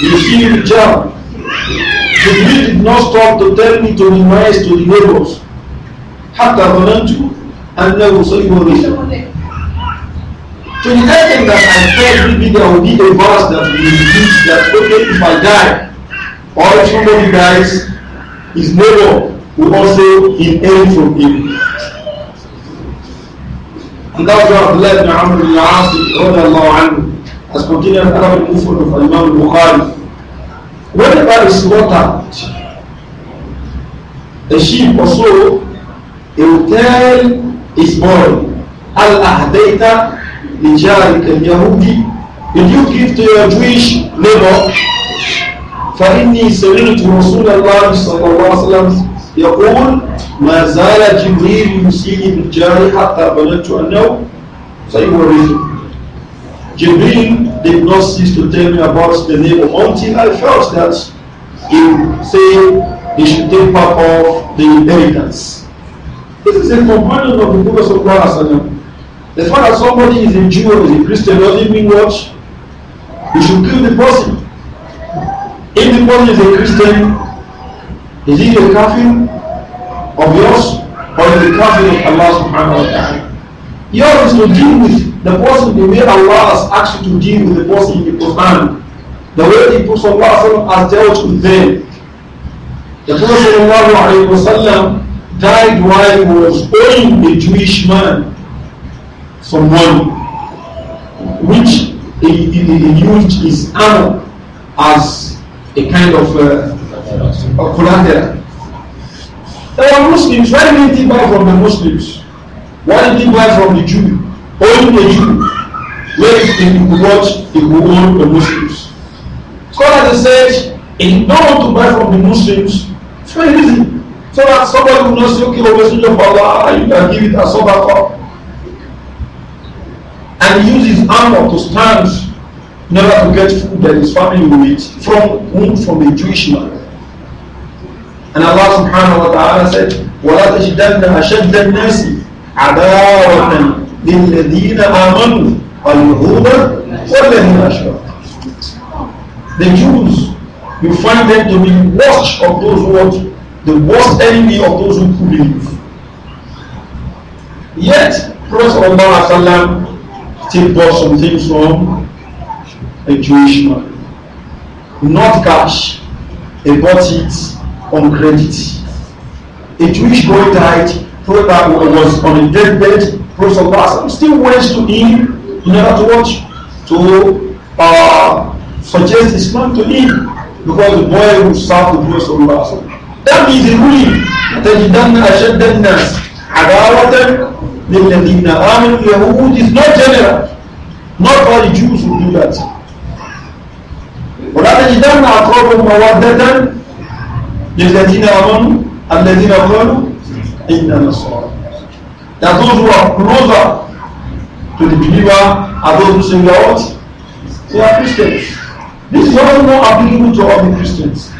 you see the job." Jibril did not stop to tell me to be nice to the neighbors. حتى ظننت أنه سيبوني So the thing that I felt maybe there will be a verse that will repeat that okay if I die or if somebody dies his neighbor will also inherit from him. And that's why Abdullah ibn Amr ibn al-As has continued another movement of Imam Bukhari. When Whenever is slaughtered, a sheep or so He will tell his boy, Al Ahdaita Lijarik al Yahudi, did you give to your Jewish neighbor? فإني سمعت رسول الله صلى الله عليه وسلم يقول ما زال جبريل يوصيني بالجار حتى ظننت أنه سيورثني Jibril did not cease to tell me about the neighbor until I felt that he said he should take part of the inheritance. This is a companion of the Prophet Sallallahu The fact that somebody is a Jew or is a Christian doesn't mean what? You should kill the person. If the person is a Christian, is he a kafir of yours or is the kafir of Allah subhanahu wa ta'ala? Yours is to deal with the person the way Allah has asked you to deal with the person in the Quran. The way the Prophet has dealt with them. The Prophet died while he was owing a Jewish man some money, which he, used his armor as a kind of uh, a collateral. There are Muslims. Why did he buy from the Muslims? Why did he buy from the Jew? Only the Jew. Where he could watch, he could own the Muslims. Scholars say, if you don't want to buy from the Muslims, it's very easy. So that somebody will not say, okay, O Messenger of Allah, you can give it as sadaqah. And he his armor to stand in order to get food that his family will eat from whom? From a Jewish man. And Allah subhanahu wa ta'ala said, وَلَا تَجِدَنَّ أَشَدَّ النَّاسِ عَدَاوَةً لِلَّذِينَ آمَنُوا الْيَهُودَ وَالَّذِينَ أَشْرَكُوا The Jews, you find them to be worst of those who the worst enemy of those who believe. Yet, Prophet still bought some things from a Jewish man. Not cash, he bought it on credit. A Jewish boy died, Prophet was on a deathbed, Prophet still went to him in order to watch, to uh, suggest Islam to him, because the boy who served the Prophet تبي ذروي تجدن أشد الناس عداوة للذين آمنوا Yahud is not general not all Jews will do that ولا تجدن أقربهم مودة للذين آمنوا الذين قالوا إنا نصارى that those who are closer to the believer are those who say they are what? They are Christians. This is also more applicable to all the Christians.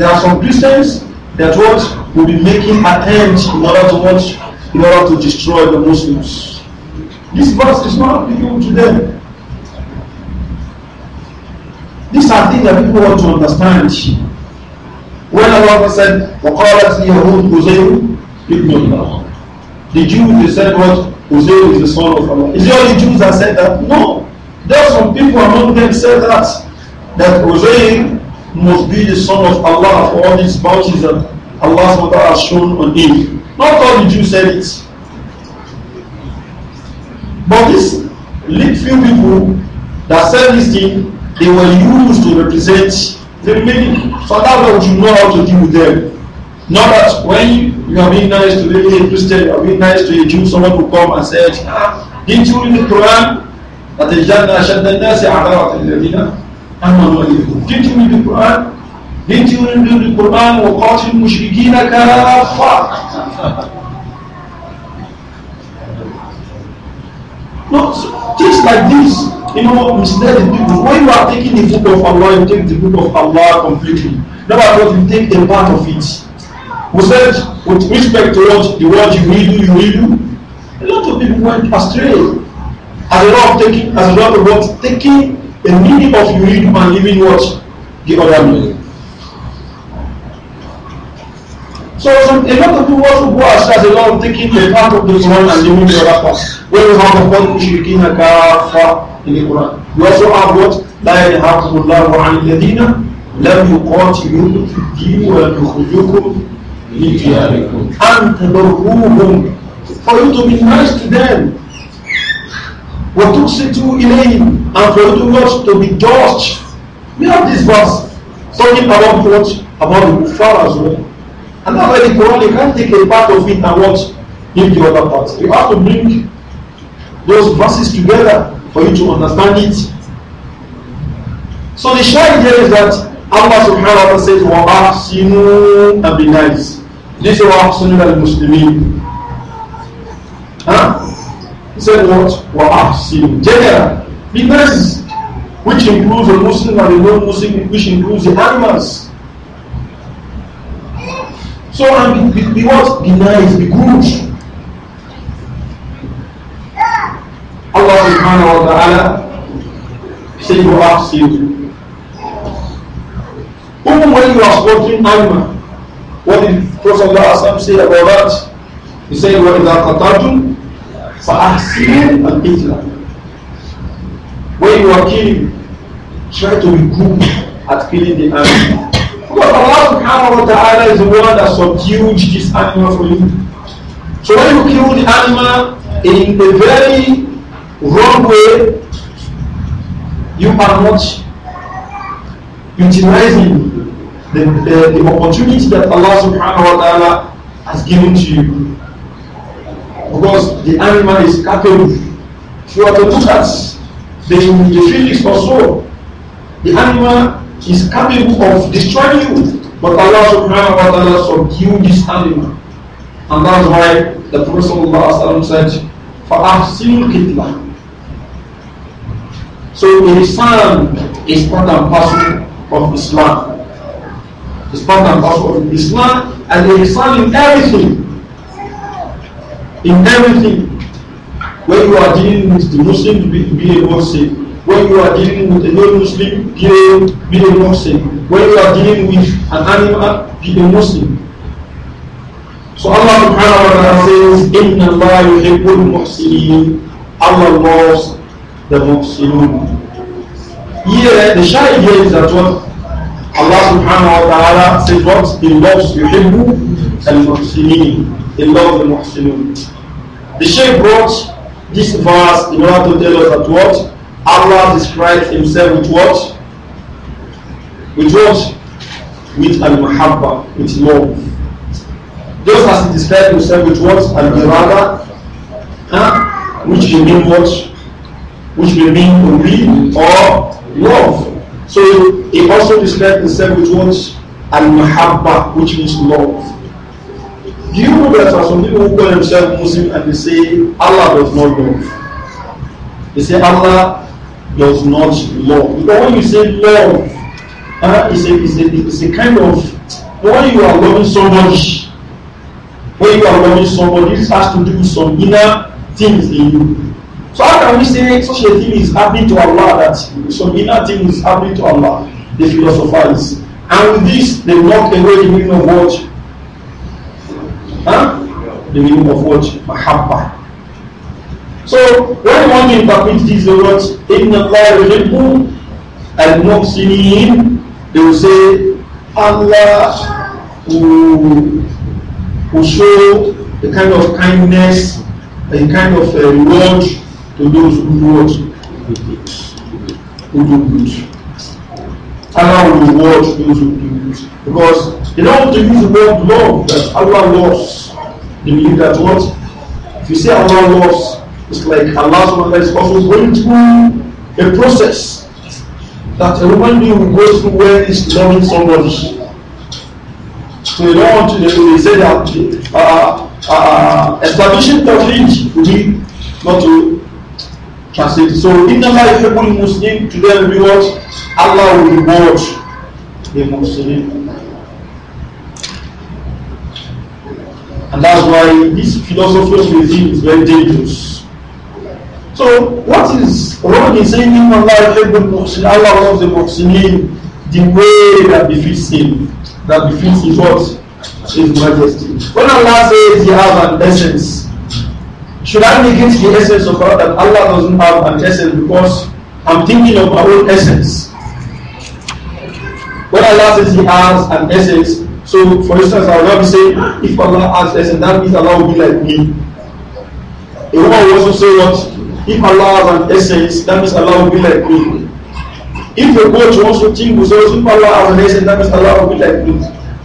There are some Christians that what will be making attempts in order to what in order to destroy the Muslims. This verse is not applicable to them. These are things that people want to understand. When Allah said, وَقَالَتْ الْيَهُودُ أُزَيْرُ ابْنُ اللَّهِ The Jews, they said what? Uzair is the son of Allah. Is it only Jews that said that? No. There are some people among them said that, that Uzair must be the son of Allah for all these bounties that Allah SWT has shown on him. Not all the Jews said it. But these few people that said this thing, they were used to represent the remaining. So that way you know how to deal with them. Not that when you are being nice to a Christian, you are being nice to a Jew, someone will come and say, ah, didn't you read the Quran? That the Jannah Shaddan Nasi Adarat al-Ladina أما غيره Did you read the Quran? Did you read the Quran وقاتل المشركين كافة No, things like this, you know, misleading people. When you are taking the book of Allah, you take the book of Allah completely. Never thought you take a part of it. We said, with respect to what the word you read, you read, a lot of people went astray as a lot of taking, as a lot of what taking the meaning of you read and living what the other meaning. So some, a lot of people also go as as a lot of taking the part of this one and living the other part. When you have the word mushrikina kafa in the Quran, you also have what لا ينهاكم الله عن الذين لم يقاتلوكم في الدين ولم يخرجوكم من دياركم أن تبروهم for you to be nice to them too وَتُقْسِتُوا إِلَيْهِمْ And for too much to be judged. We have this verse talking about what? About the kuffar as well. And that's why the Quran, you can't take a part of it and what? Leave the other part. You have to bring those verses together for you to understand it. So the shahid idea is that Allah subhanahu wa ta'ala says, وَأَحْسِنُوا and be nice. This is وَأَحْسِنُوا Muslim muslimin Huh? said what? Wa'ahsin. General. Because which includes the Muslim and the non-Muslim, which includes the animals. So and be, be, be what? Be nice, be good. Allah subhanahu wa ta'ala said wa'ahsin. Even when you are slaughtering animal, what did Prophet say about that? He said, وَإِذَا قَتَلْتُمْ فأحسن الإجرة when you are killing try to be good at killing the animal because Allah subhanahu wa ta'ala is the one that subdued this animal for you so when you kill the animal in a very wrong way you are not utilizing the, the, the opportunity that Allah subhanahu wa ta'ala has given to you because the animal is capable. If you are to do that, then you will feel this for soul. The animal is capable of destroying you. But Allah subhanahu wa ta'ala subdued this animal. And that's why the Prophet said, فَأَحْسِنُ Kitla." So the Islam is part and parcel of Islam. It's part and parcel of Islam and the Islam in everything in everything. When you are dealing with the Muslim, be, be a Muslim. When you are dealing with a non-Muslim, be a, be a Muslim. When you are dealing with an animal, be a Muslim. So Allah subhanahu wa ta'ala says, Inna Allah yuhibbul muhsinin. Allah loves the muhsinun. Here, the shy here is that what Allah subhanahu wa ta'ala says what? He loves yuhibbu al-muhsinin. the Lord the Muhsinun. The Shaykh brought this verse in order to tell us that what? Allah describes himself with what? With what? With al-mahabba, with love. Just as he describes himself with what? Al-irada, huh? which may mean what? Which may mean greed or love. So he also describes himself with what? Al-mahabba, which means love. Do You know that are some people who call themselves Muslim and they say Allah does not love. They say Allah does not love. Because when you say love, uh, it's, a, it's, a, it's a kind of when you are loving so much, when you are loving somebody, this has to do with some inner things in you. So how can we say such a thing is happening to Allah that some inner thing is happening to Allah? the philosophers? And with this, they knock away the meaning of what The meaning of what? Mahabba. So when one interprets these words, in the Bible, and Muhsinin, they will say, Allah who who show the kind of kindness and kind of uh, reward to those who do what? Who do good. Allah will reward those who do use. Because they don't want to use the word love that Allah loves. They believe that what? If you say Allah loves, it's like Allah is also going through a process that a woman being will go through when he's loving somebody. So they don't want to, they, say that uh, uh, uh establishing tawhid would be not to translate. So, in the life, people Muslim, to them, we what? Allah will reward the Muslim. And that's why this philosophy of is very dangerous. So, what is wrong in saying in Allah, Allah loves the Muhsinin the way that befits Him, that befits His what? His majesty. When Allah says He has an essence, should I negate the essence of God that Allah doesn't have an essence because I'm thinking of my own essence? But Allah says He has an essence. So, for instance, I will not be saying, ah, if Allah has essence, that means Allah will be like me. A woman will also say what? If Allah has an essence, that means Allah will be like me. If a coach wants to think, will say, if Allah has an essence, that means Allah will be like me.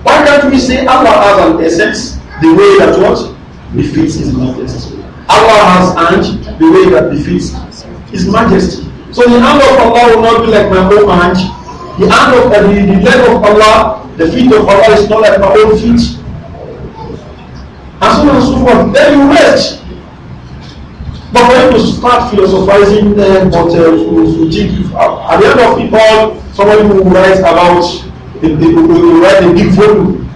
Why can't we say Allah has an essence the way that what? Befits His majesty. Allah has an the way that befits His majesty. So the hand of Allah will not be like my own hand. The hand of the, the leg of Allah, the feet of Allah is not like my own feet. And so on and so forth. Then you rest. But when you start philosophizing them, eh, but uh, you, you at the end of it all, somebody will write about, they, they, will write a big volume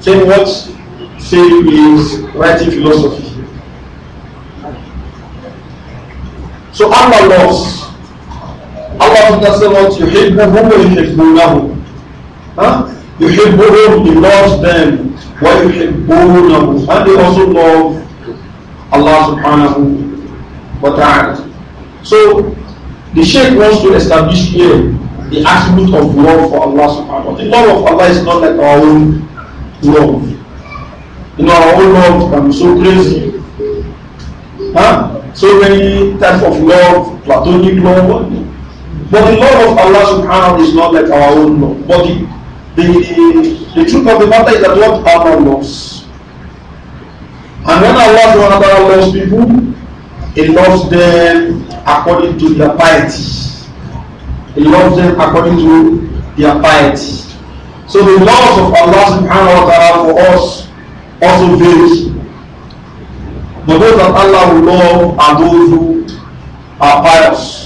saying what say is writing philosophy. So Allah loves Allah Ta'ala yuhibbuhum wa yuhibbunahum. Huh? Yuhibbuhum, he loves them. Wa yuhibbunahum. And they also love Allah Subhanahu wa Ta'ala. So, the Sheikh wants to establish here the attribute of love for Allah Subhanahu wa Ta'ala. The love of Allah is not like our own love. You know, our own love can be so crazy. Huh? So many types of love, platonic love, But the law of Allah subhanahu is not like our own law. But the, the, the, the truth of the matter is that what Allah loves. And when Allah subhanahu wa ta'ala loves people, He loves them according to their piety. He loves them according to their piety. So the laws of Allah subhanahu wa ta'ala for us also vary. But those that Allah will love are those who are pious.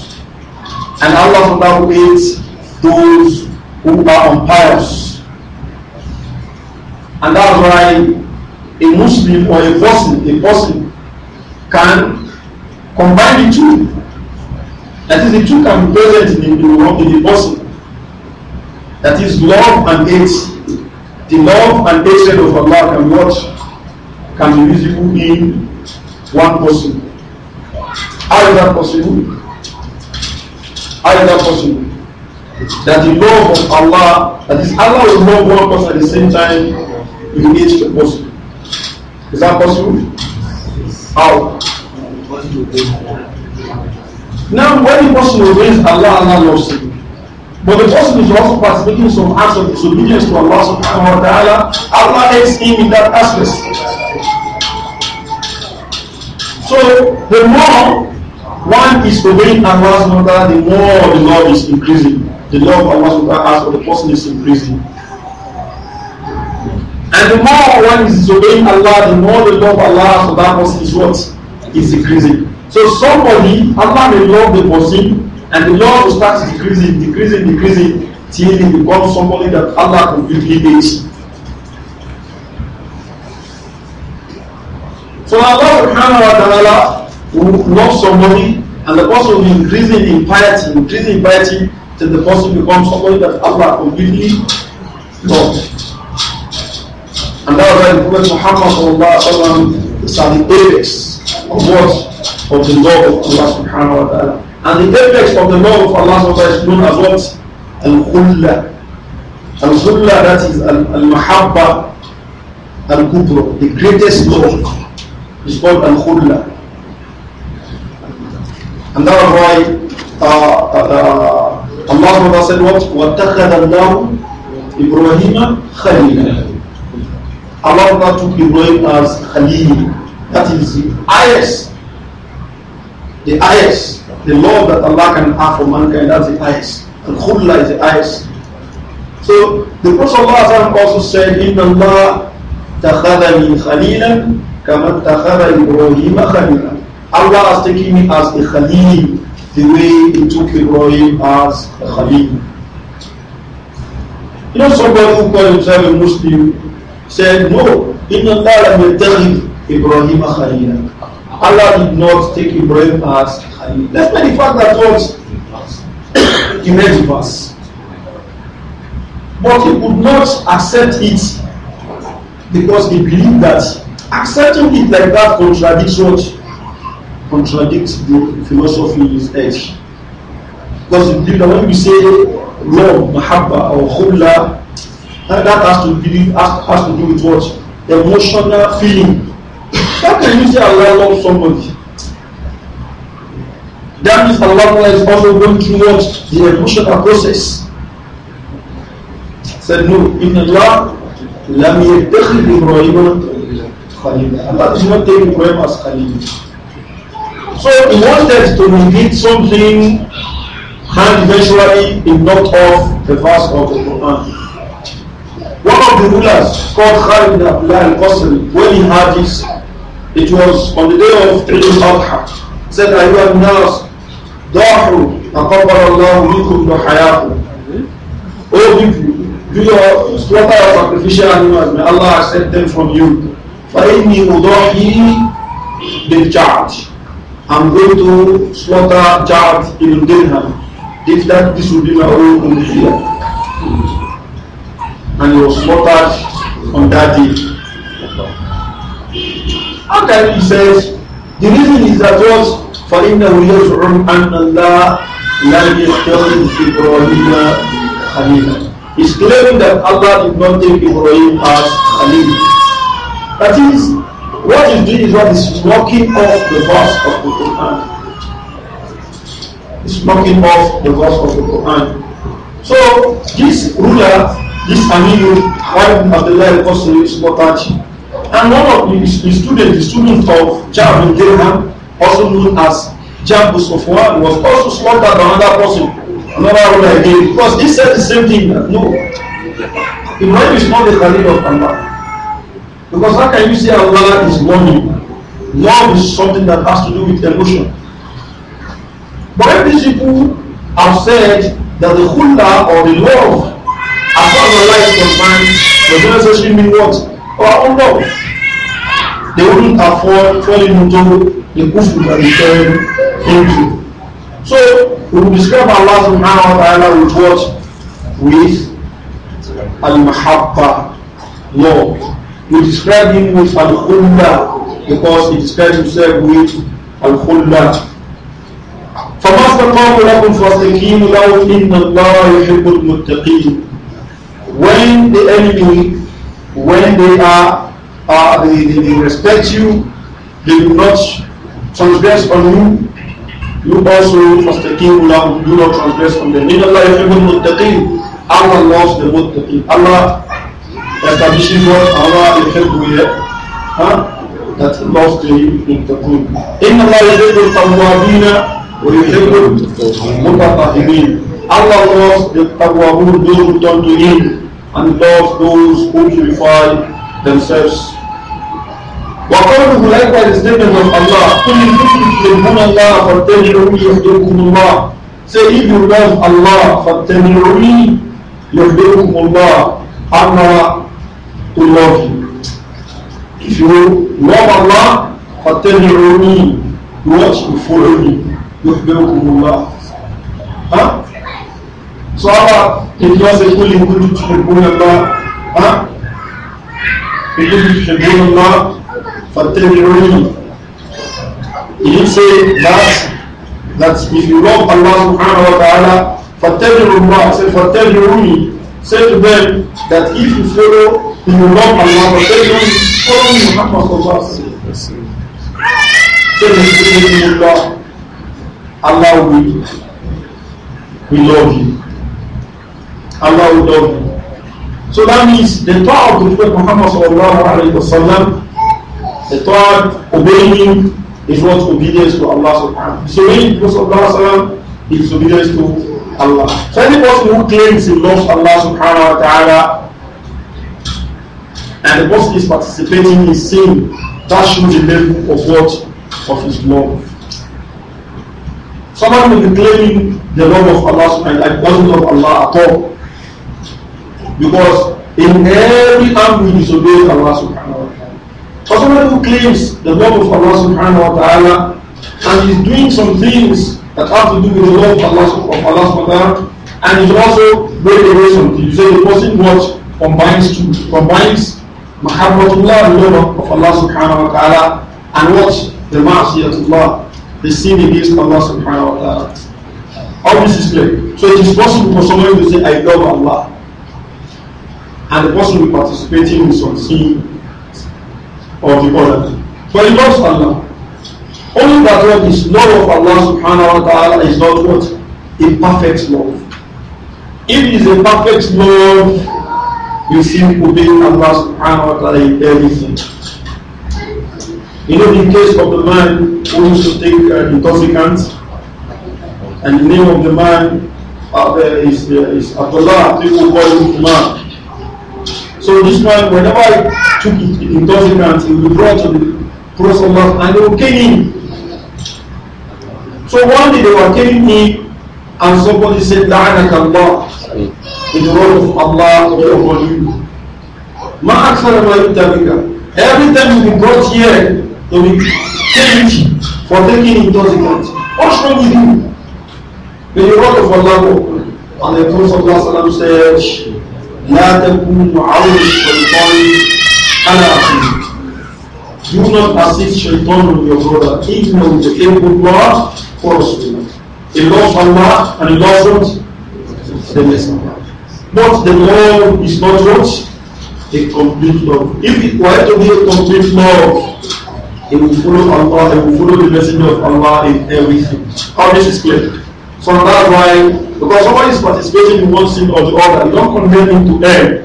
And Allah forbids those who are impious. And that's why a Muslim or a person, a person can combine the two. That is, the two can be present in the, world in the person. That is love and hate. The love and hatred of Allah can what can be visible in one person. How is that possible? How is that possible? That the love of Allah, that is Allah will love one person at the same time he hates the person. Is that possible? How? Now, when the person obeys Allah, Allah loves him. But the person is also participating some acts of disobedience to Allah subhanahu wa ta'ala. Allah hates him in that aspect. So, the more One is obeying Allah's subhanahu the more the love is increasing. The love Allah subhanahu has for the person is increasing. And the more one is obeying Allah, the more the love Allah has for that person is what? Is increasing. So somebody, Allah may love the person, and the love starts start decreasing, decreasing, decreasing, till he becomes somebody that Allah completely hates. So Allah subhanahu wa ta'ala love somebody and the person will be increasing in piety, increasing in piety till the person becomes somebody that Allah completely loved. And that was why the Prophet Muhammad is at the apex of what? Of the love of Allah subhanahu wa ta'ala. And the apex of the love of Allah subhanahu wa ta'ala is known as what? Al-Khulla. Al-Khulla that is Al-Mahabba Al Al-Kubra, the greatest love is called Al-Khulla. And that is why uh, uh, Allah said what? وَاتَّخَذَ اللَّهُ إِبْرَاهِيمَ خَلِيلًا Allah not took Ibrahim as Khalil. That is the highest, the highest, the love that Allah can have for mankind, that's the highest. And Khulla is the highest. So the Prophet also said, إِنَّ اللَّهَ تَخَذَ مِنْ خَلِيلًا كَمَا تَخَذَ إِبْرَهِيمَ خَلِيلًا Allah has taken me as a Khalil the way he took Ibrahim as a Khalil. You know, somebody who called himself a Muslim said, No, in Allah Ibrahim a Khalil. Allah did not take Ibrahim as a Khalil. Let's make the fact that what he made But he could not accept it because he believed that accepting it like that contradicts what contradicts the philosophy in his head. Because you believe when we say love, mahabba, or khulla, that, has to be has, has to do with what? Emotional feeling. How can you say Allah loves somebody? That means Allah is also going through what? The emotional process. Said no, in Allah, لم يتخذ إبراهيم خليلا. Allah does not take Ibrahim as Khalil. So he wanted to repeat something and eventually he knocked off the verse of the Quran. One of the rulers called Khalid bin Abdullah al-Qasri, when he heard this, it was on the day of Eid al-Adha, said, "I al-Nas, ضاحوا تقبل الله منكم ضحاياكم. Oh people, do your slaughter of sacrificial animals, may Allah accept them from you. فإني أضحي بالجعد. I'm going to slaughter child in Denham If that this will be my own on here. And he was slaughtered on that day. How okay, he says the reason is that was فإنه and Allah, Allah is telling Ibrahim خليلا. He's claiming that Allah did not take Ibrahim as Khalil. That is, What is doing is what is knocking off the verse of the Quran. It's knocking off the verse of the Quran. So this ruler, this Aminu, Khalid Abdullah al-Qasri is And one of his, his students, the student of Jab bin also known as Jab bin was also slaughtered by another person, another ruler again, because he said the same thing. No, the man is not the Khalid of Allah. Because how can you say Allah is loving? Love is something that has to do with emotion. But if these people have said that the hula or the love, as far as Allah is concerned, does not necessarily mean what? Our own love. They wouldn't afford fallen into the kufr that they fell into. So we will describe Allah subhanahu wa ta'ala with what? With al-mahabba, love. We describe him with al khulla because he describes himself with al khulla. فما استقاموا لكم فاستقيموا له إن الله يحب المتقين. When the enemy, when they are, uh, they, they, they respect you, they do not transgress on you, you also فاستقيموا لهم, do not transgress on them. إن الله يحب المتقين. Allah loves the muttaqin. Allah establishing what Allah يحب وياه ها that loves the تكون إن الله يحب التوابين ويحب المتطهرين Allah loves the tawabun those who turn to Him and loves those who purify themselves وقوله likewise statement of Allah كل المسلم يحبون الله فاتبعوني يحببكم الله say if you love Allah فاتبعوني يحببكم الله أما To love you. If you love Allah, فَتَبِعُونِي You want to follow me. يُحْبِرُكُمُ اللَّهُ Huh? So Allah, if you say, قُلْ to the تُحِبُّونَ Allah, Huh? إِن كُنْتُمْ Allah, اللَّهَ فَاتَّبِعُونِي He didn't say that that if you love Allah subhanahu wa ta'ala فَاتَّبِعُوا اللَّهَ He said فَاتَّبِعُونِي Say to them that if you follow, you will love Allah, but they don't follow Muhammad sallallahu so alaihi wasallam. Allah will we love you. Allah will love you. So that means the thought of the Prophet Muhammad sallallahu alaihi wasallam, the thought obeying him is what obedience to Allah subhanahu. wa taala. So when it goes Allah sallam, it is obedience to Allah. So any person who claims he loves Allah subhanahu wa ta'ala and the person is participating in sin, that should be level of what? Of his love. Someone may be claiming the love of Allah subhanahu wa ta'ala doesn't love Allah at all. Because in every time we disobey Allah subhanahu wa ta'ala. someone who claims the love of Allah subhanahu wa ta'ala and is doing some things that have to do with the law of Allah, of Allah and it also break away something. You say the person what combines two, combines Mahabbatullah, the love of Allah subhanahu wa ta'ala, and what the Ma'asiyatullah, the sin against Allah subhanahu wa ta'ala. All this is clear. So it is possible for someone to say, I love Allah. And the person will be participating in some sin of the other. But he loves Allah. Only that what is love of Allah subhanahu wa ta'ala is not what? A perfect love. If it is a perfect love, you see obeying Allah subhanahu wa ta'ala in everything. You know the case of the man who used to take uh, intoxicants, and the name of the man uh, is, uh, is Abdullah, people call him man. So this man, whenever he took intoxicants, he would draw to the Prophet and they would kill him. So one day they were killing him, and somebody said, La'anak Allah, in the word of Allah over you. Ma aksara ma yutabika. Every time you be brought here to be you for taking intoxicants, what's wrong with you? the word of Allah be And the Prophet of Allah said, لا تكونوا عون الشيطان على أخيك. Do not assist shaitan on your brother. Even on the able blood, for Rasulullah. He loves Allah and he loves what? The Messenger. But the law is not what? A complete love. If it were to be a complete love, it will follow Allah, it will follow the Messenger of Allah in everything. All this is clear. So that's why, because somebody is participating in one sin or the other, you don't condemn him to hell.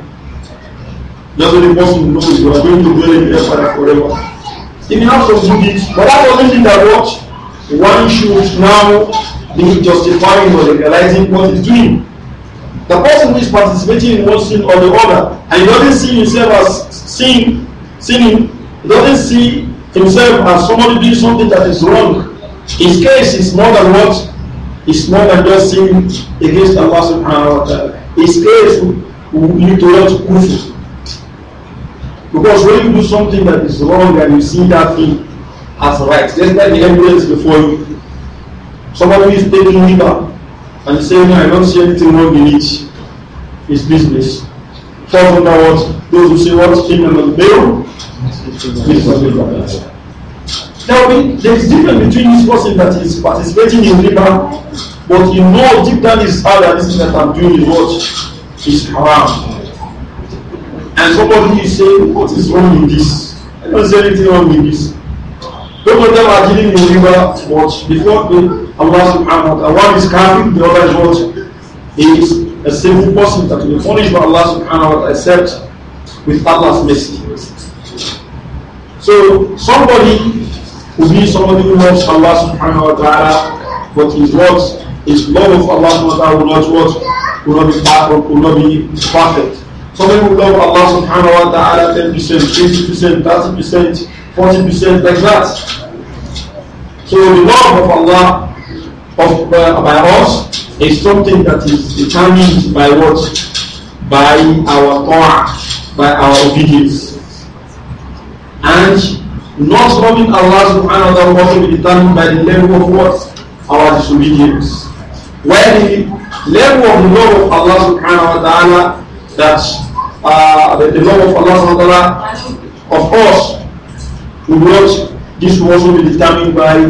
That's what the person knows you are going to dwell in hell forever. He may have some good deeds, but that doesn't mean that what? one should now be justifying or legalizing what he's doing. The person who is participating in one sin or the other, and he doesn't see himself as sin, sinning, he doesn't see himself as somebody doing something that is wrong. His case is more than what? is more than just sin against Allah person wa ta'ala. His case will lead to what? Kufr. Because when you do something that is wrong and you see that thing, as right. Despite the evidence before you. Somebody is taking riba and saying, no, I don't see anything wrong in it. It's business. following that, Those who say what's in the bail. Now, there is difference between this person that is participating in riba, but you know deep down is how that this that I'm doing is what is haram. And somebody is saying, what is wrong with this? I don't see anything wrong with this. Both of them are riba, but before the Allah subhanahu wa ta'ala, one is kafir, the other is what? Is a sinful person that will be punished by Allah subhanahu wa ta'ala except with Allah's mercy. So somebody will be somebody who loves Allah subhanahu wa ta'ala, but his words, his love of Allah subhanahu wa ta'ala will not what? Will not be perfect, will not be perfect. Somebody will love Allah subhanahu wa ta'ala 10%, 20%, 30%. 40% like that. So the law of Allah of, uh, by us is something that is determined by what? By our ta'ah, by our obedience. And not loving Allah subhanahu wa ta'ala also be determined by the level of what? Our disobedience. Where the level of love of Allah subhanahu wa ta'ala that uh, the, the love of Allah subhanahu wa ta'ala of us We what this will also be determined by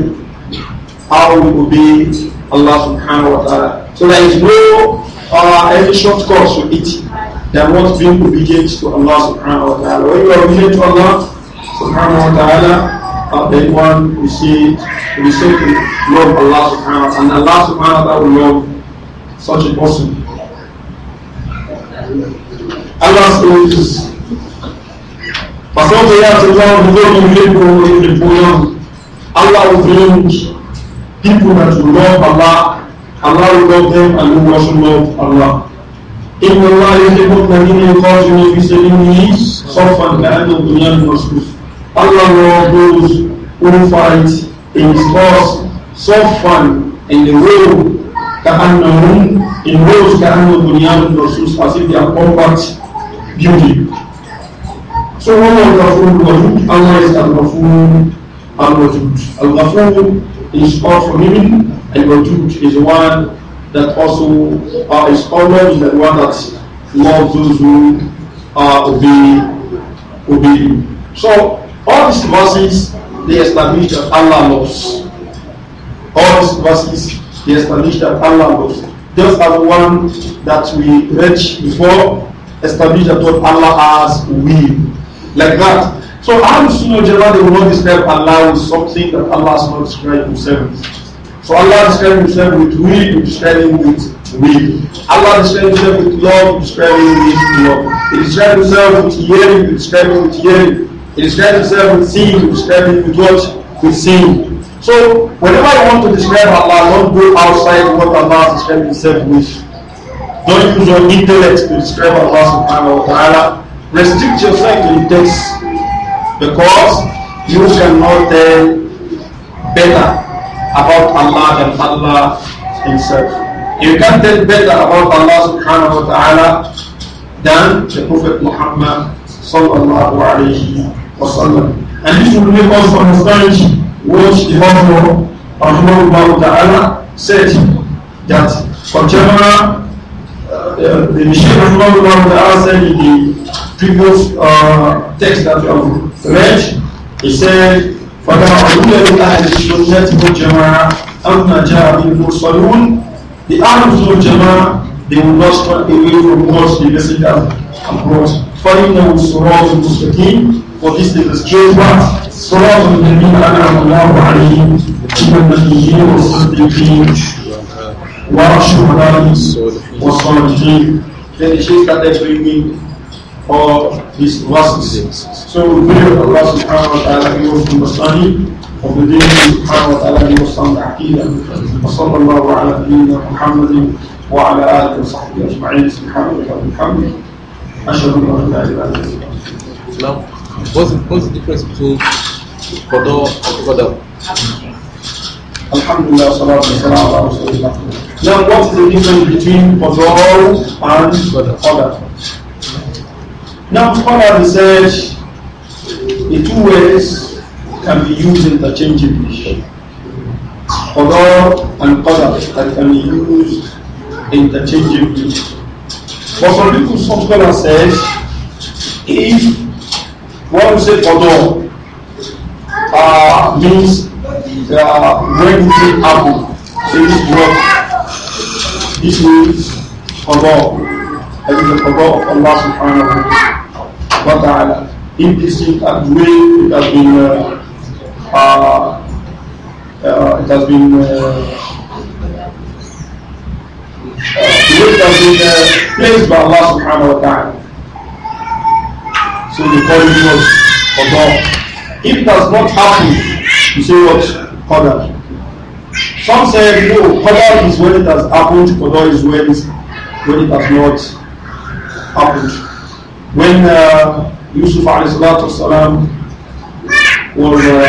how we obey Allah subhanahu wa ta'ala. So there is no uh, any shortcut to it than what being obedient to Allah subhanahu wa ta'ala. When you are obedient to Allah subhanahu wa ta'ala, uh, then one will see, will say to love Allah subhanahu wa ta'ala. And Allah subhanahu wa ta'ala will love such a person. Allah is. فسوف يأتي الله بقوم يحبهم ويحبونهم Allah will bring people that will love Allah, Allah will love them and who also love Allah. إن الله يحب الذين يقاتلون في سبيله صفا كأنهم بنيان مرصوص. Allah will love those who fight in His cause صفا in the way كأنهم in rows كأنهم بنيان مرصوص as if they are compact beauty. So one of Ghafur Allah is Al Ghafur Al Al Ghafur is called forgiving, and Wadud is one that also uh, is always the one that loves those who uh, obey, obey So all these verses they establish that Allah loves. All these verses they establish that Allah loves. Just as one that we read before establish that what Allah has will like that. So Ahlul Sunnah Jamaat, they will not describe Allah with something that Allah has not described himself So Allah describes himself with will, describing with will. Allah describes himself with love, describing with love. He describes himself with hearing, you with hearing. He describes himself with seeing, describing with what? With seeing. So whenever you want to describe Allah, don't go outside what Allah is described himself with. Don't use your intellect to describe Allah subhanahu wa ta'ala restrict yourself to the text because you cannot tell uh, better about Allah than Allah Himself. You can tell better about Allah subhanahu wa ta'ala than the Prophet Muhammad sallallahu alayhi wa sallam. And this will make us understand what the Prophet Muhammad said that for general the Mishab of the said in the previous uh, text that you have read, he said, فَلَا عُلَّهُ أَهْلِ السُّنَّةِ وَالْجَمَاعَةِ أَمَّا جَاءَ بِالْمُرْسَلُونَ The of Jamaa, they will not turn away from what the messenger has brought. فَإِنَّهُ صِرَاطٌ مُسْتَقِيمٌ For this is the straight path, صِرَاطُ الَّذِينَ أَنْعَمَ اللَّهُ عَلَيْهِمْ مِنَ النَّبِيِّينَ والشهداء والصالحين Then the sheikh started bringing all these verses. So we pray Allah subhanahu wa ta'ala give us the understanding of the day deen subhanahu wa ta'ala give us sound aqidah. Wa sallallahu ala nabiyyina Muhammadin wa ala alihi wa sahbihi ajma'in subhanahu wa ta'ala أشهد أن لا إله إلا الله. What's, what's the difference between Qadar and Qadar? الحمد لله والصلاة والسلام على رسول الله Now, what is the difference between Qadar and Qadar? Now Qadar says in two ways can be used interchangeably. Qadar and Qadar that can be used interchangeably. But for people, some scholars say, if one say Qadar uh, means uh, when the apple, it is dropped This is qadar. That is the qadar of Allah subhanahu wa ta'ala. In this it has been, it has been, uh, uh, uh, it has been, uh, uh, it has been uh, placed by Allah subhanahu wa ta'ala. So the calling was qadar. If it does not happen, you say what? Qadar. Some say no, Qadar is when it has happened, Qadar is when, when it has not happened. When uh, Yusuf والسلام, was uh,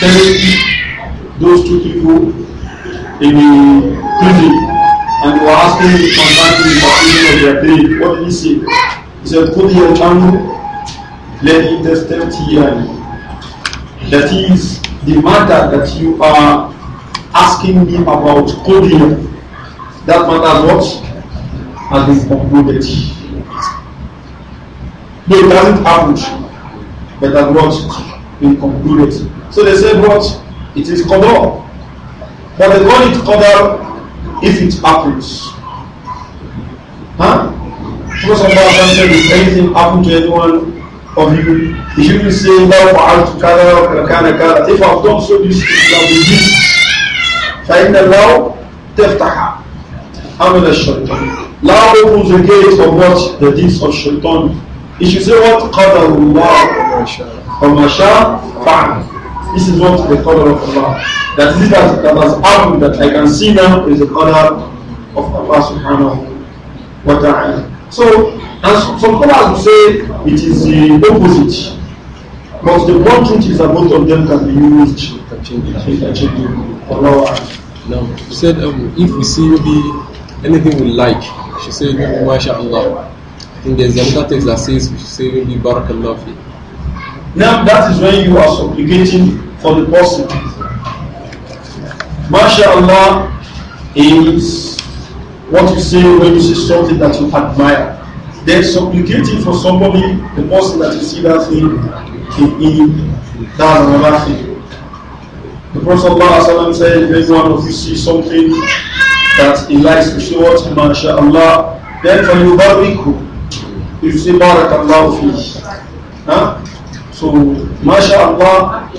telling those two people in the prison and they were asking him concerning the conclusion of their day, what did he say? He said, Put your channel, let it test here. That is the matter that you are asking me about Kodia. That matter what has been concluded. No, it doesn't happen, but has not been concluded. So they say what? It is Qadar. But they call it Qadar if it happens. Huh? Because of that said, if anything happened to anyone of you, you shouldn't say, for fa'al to kind of Qadar, If I've done so, this is this. فإن law تفتح عمل الشيطان law opens the gate of what the deeds of shaitan If you say what قدر الله وما شاء فعل this is what the قدر of Allah that is that, that has happened that I can see now is the qadar of Allah subhanahu wa So, as some scholars say, it is the opposite. But the one truth is that both of them can be used change interchangeably. Allah Now, she said, um, if we see maybe anything we like, she said, maybe mashallah. I think there's another text that says, we 'We'll be maybe barakallah fi. Now, that is when you are supplicating for the person. Mashallah is what you say when you see something that you admire. Then supplicating for somebody, the person that you see that thing in, in that's another thing. The Prophet ﷺ said, if anyone of you sees something that he likes to see what him, then for you, bariku. You see, barakallahu fi. Huh? So, Masha'Allah,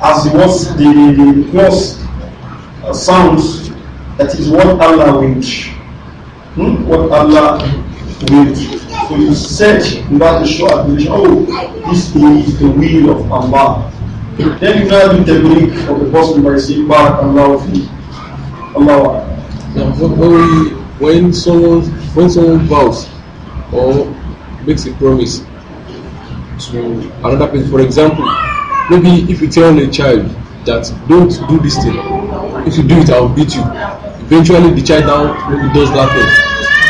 as it was the, the most uh, sounds, that is what Allah wished. Hmm? What Allah wished. So you search in that to show admiration, oh, this is the will of Allah. Then you now do the blink of the person by saying back and loudly. Allah. Now, uh, when, when someone when someone vows or makes a promise to another person, for example, maybe if you tell a child that don't do this thing, if you do it, I'll beat you. Eventually, the child now maybe does that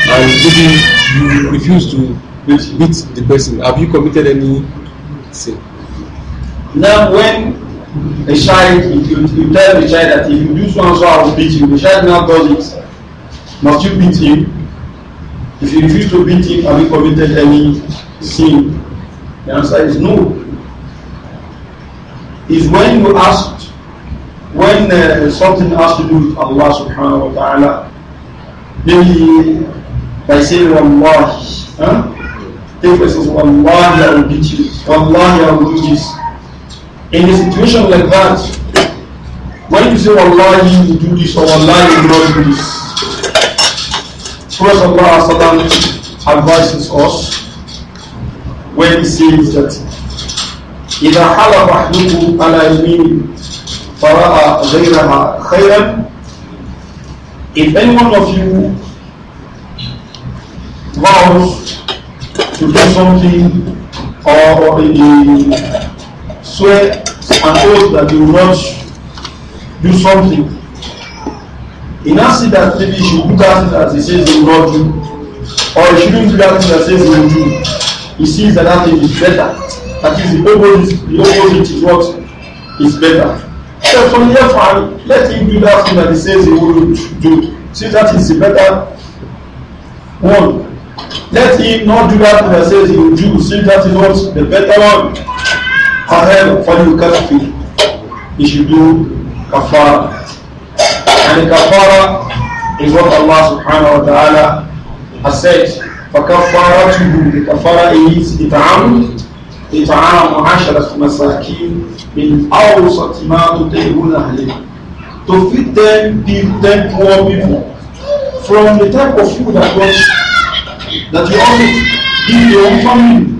thing, and maybe you refuse to beat the person. Have you committed any sin? Now, when a child, if you, you tell the child that if you do so and so, I will beat you, the child now does it, must you beat him? If you refuse to beat him, have you committed any sin? The answer is no. Is when you ask, when uh, something has to do with Allah subhanahu wa ta'ala, maybe by saying Wallahi, huh? take for instance, Wallahi I will beat you, Wallahi I will do this. In a situation like that, when you say, Allah, you do this, or Wallahi, you do not do this, Prophet Allah advises us when he says that إذا حلف أحدكم على يمين فرأى غيرها خيرا If any one of you vows to do something or a swear and oath that they will not do something. He now see that maybe he should do that thing that he says he will not do, or he shouldn't do that thing that says he will do. He sees that that thing is better. That is the opposite, the opposite is what is better. So from here on, let him do that thing that he says he will do. See that is the better one. Let him not do that thing that says he will do. See that is what the better one ahead فليكفر he should do kafara and kafara is what Allah subhanahu wa ta'ala has said فكفارته لكفارة is إطعام إطعام عشرة مساكين من أوسط ما تطعمون أهلكم to feed them give them poor people from the type of food that was that you always give your own family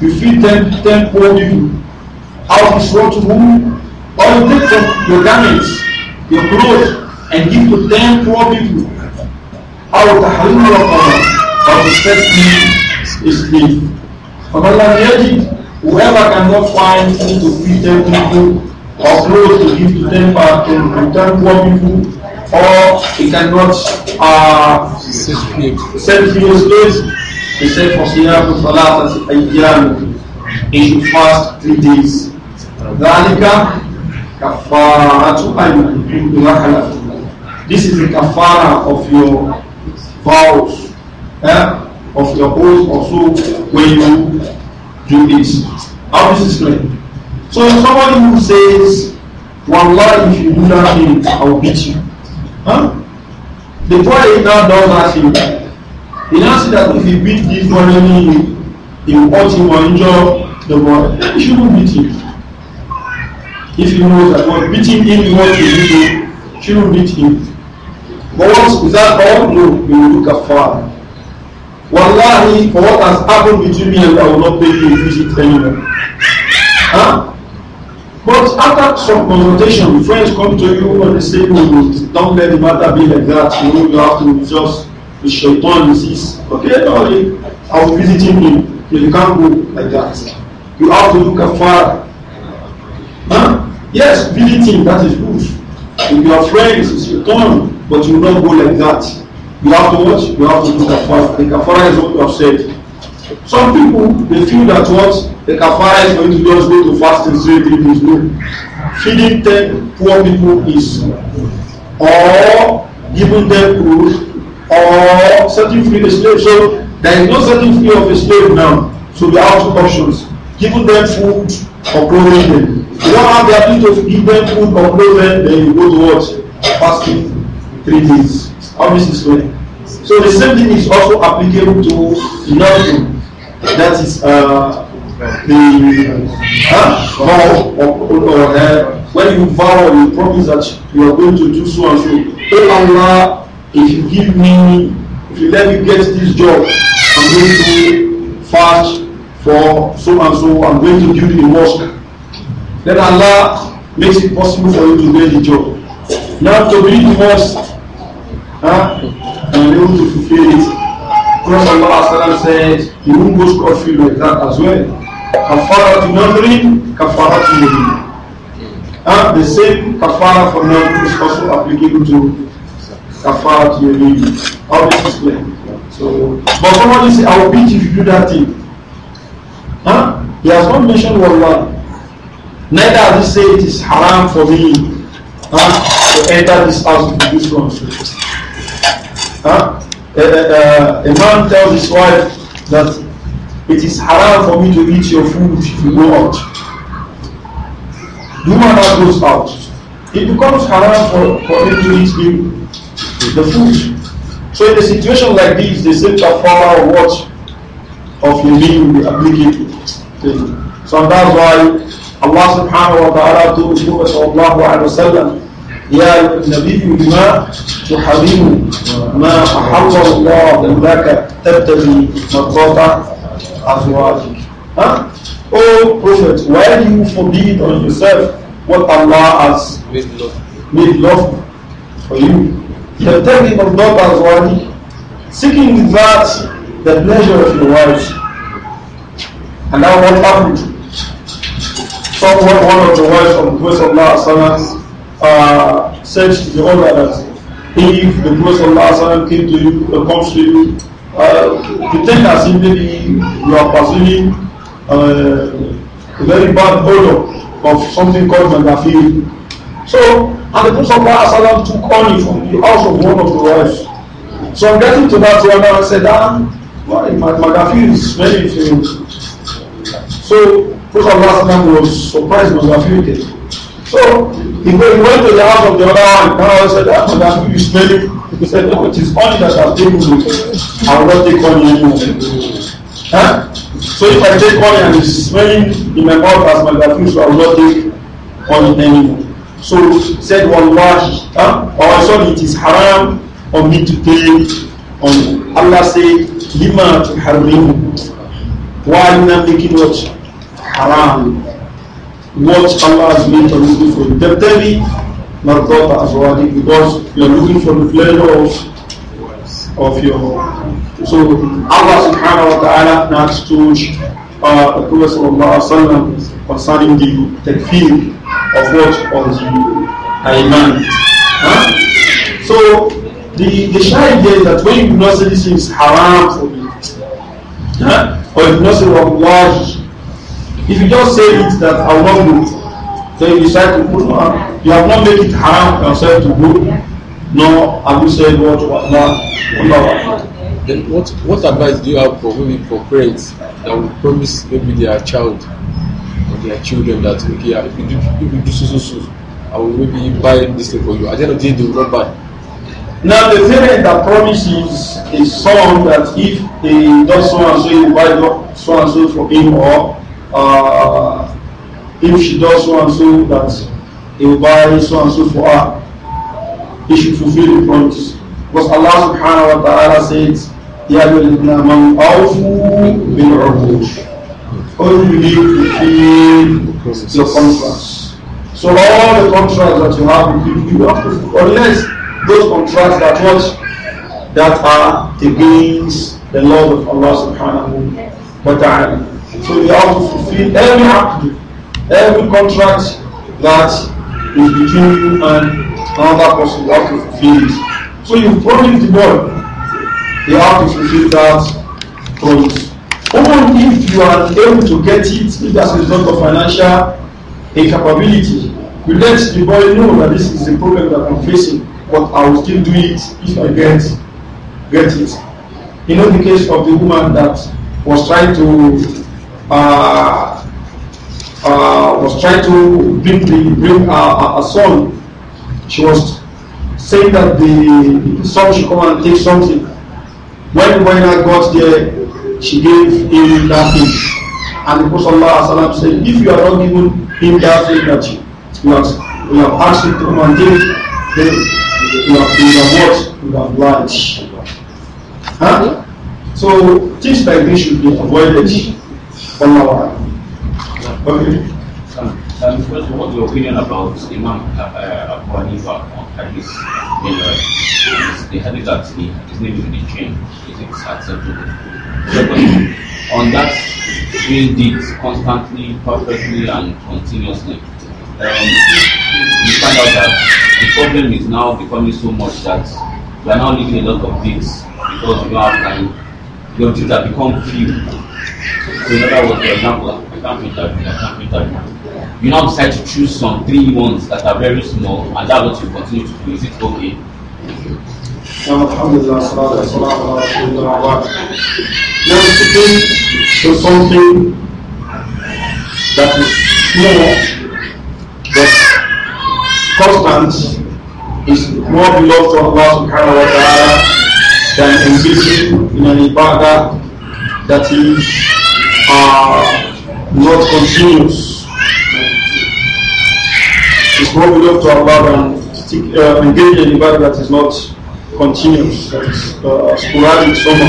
you feed them ten poor people How to show to whom or take from your garments your clothes and give to ten poor people out the halal of Allah or the set me is me Famallah Yajid whoever cannot find food to feed ten people or clothes to give to ten to ten poor people or he cannot uh, send to your slaves He said, For Siyamu Salat Ayyamu, he should fast three days. Dhalika kafaratu ayman. This is the kafara of your vows, eh? of your oath also when you do this. How this is clear? So somebody who says, Wallah, if you do that thing, I will beat you. Huh? The boy now does that thing. The answer that if he beat this morning, he will hurt him or injure the boy. Then he shouldn't beat him. If he knows that what beating him is what he did, shouldn't beat him. But once is that all? No, we will look afar. Wallahi, for what has happened between me and I will not pay you a visit anymore. Huh? But after some consultation, friends come to you and they say, no, don't let the matter be like that. You know, you have to just the shaitan says, okay, darling, I was visiting him. You can't go like that. You have to look afar. Huh? Yes, visiting, that is good. If you are friends, it's your turn, but you will not go like that. You have to watch, you have to look afar. The kafara is what you have said. Some people, they feel that what the kafara is going to just go to fast and say three days. No. Feeding ten poor people is, or giving them food or setting free the slave. So there is no setting free of a slave now. So we have two options. Giving them food or clothing them. If you don't have the ability to give them food or clothing, then you go to what? Fasting three days. How is this going? So the same thing is also applicable to nothing. That is uh, the uh, vow or, or, or uh, when you vow or you promise that you are going to do so and so. Oh Allah if you give me, if you let me get this job, I'm going to fast for so and so, I'm going to build a mosque. Then Allah makes it possible for you to get the job. Now to build the mosque, huh, and able to fulfill it. Because Allah said, you won't go scot-free like that as well. Kafara to Namri, kafara to Nabi. And the same kafara for Namri is also applicable to About your baby. how this is clear. So, but somebody say, I will beat you if you do that thing. Huh? He has not mentioned wallah. Neither has he said it is haram for me huh, to enter this house with this one. Huh? A, eh, a, eh, eh, a, man tells his wife that it is haram for me to eat your food if you go out. The woman now goes out. It becomes haram for, for him to eat you the food. So in a situation like this, they say kafara what of the meal will be applicable. So that's why Allah subhanahu wa ta'ala told Prophet sallallahu alayhi wa sallam, يا نبي بما تحرم ما أحل الله لك تبتغي مرضات أزواجك Huh? Oh Prophet, why do you forbid on yourself what Allah has made love for you? of الضَّبَ one, Seeking with that the pleasure of your wife. And now what happened? Someone, one of the wives of the Prophet Sallallahu uh, said to the other that if the Allah Sallallahu came to you, uh, comes to you, uh, pretend as if maybe you are pursuing uh, a very bad odor of something called Mandafiri. So And the Prophet Muhammad took honey from the house of one of the wives. So I'm getting to that where I said, ah, why? My Magafi is smelling to So Prophet Muhammad was surprised Magafi did. So he went to the house of the other one. Now I said, ah, Magafi is smelling. He said, no, it is honey that I've taken with. I will not take honey anymore. Huh? So if I take honey and it's smelling in my mouth as Magafi, so I will not take honey anymore. So said, Wallahi, huh? or it is haram on me to pay on Allah said, Lima to haram. Why you not making what? Haram. What Allah has made you for. Definitely, not God as well, because you are looking for the pleasure of, of your So Allah subhanahu wa ta'ala not to uh, the Prophet concerning the takfir of what? Of the Iman. Huh? So the, the shy idea is that when you do not say this thing is haram for you, huh? or you not say what was? if you just say it that I will not do, then you decide to put on, you have not made it haram for yourself to do, nor have you said what, what, what, Then what, what advice do you have for women for parents that will promise maybe their child their children that okay if you do if you do so so so I will maybe buy this thing for you at the end of the day they will not buy. Now the parent that promises a son that if he does so and so, he will buy so and so for him, or uh, if she does so and so, that he will buy so and so for her. He should fulfill the promise. Because Allah subhanahu wa ta'ala says, يَا بِالْإِذْنَا مَنْ bil بِالْعُقُودِ only you need to fulfill your contracts. So all the contracts that you have with you have to unless those contracts that what that are against the law of Allah subhanahu wa ta'ala. So you have to fulfill every act, every contract that is between you and another person, you have to fulfill it. So you promised the boy, you have to fulfill that promise. Even if you are able to get it, if that's a result of financial incapability, you let the boy know that this is the problem that I'm facing, but I will still do it if I get get it. You know the case of the woman that was trying to uh, uh, was trying to bring the, bring a, a, a son. She was saying that the, the son should come and take something. When when I got there, she gave him that thing. And the Prophet ﷺ said, if you are not given him that thing that you, have, you have asked him to come and give, then you have, you what? You have lied. Huh? So things like this should be avoided. from Allah. Okay. Um, first, what's your opinion about Imam uh, uh Abu Hanifa on Hadith? the Hadith that he, his name is in the chain, is it acceptable? on that doing did constantly, perfectly, and continuously, um, you find out that the problem is now becoming so much that we are now leaving a lot of deeds because we don't have time. Your things have become few. So, in other words, for example, I can't print that, I can't print that you now decide to choose some three ones that are very small and that's what you continue to do. Is it okay? Now sticking to something that is small but constant is more beloved to Allah subhanahu wa ta'ala than engaging in an ibadah that is uh, not continuous it's more beloved to Allah than uh, engage in ibadah that is not continuous, that is uh, sporadic somehow.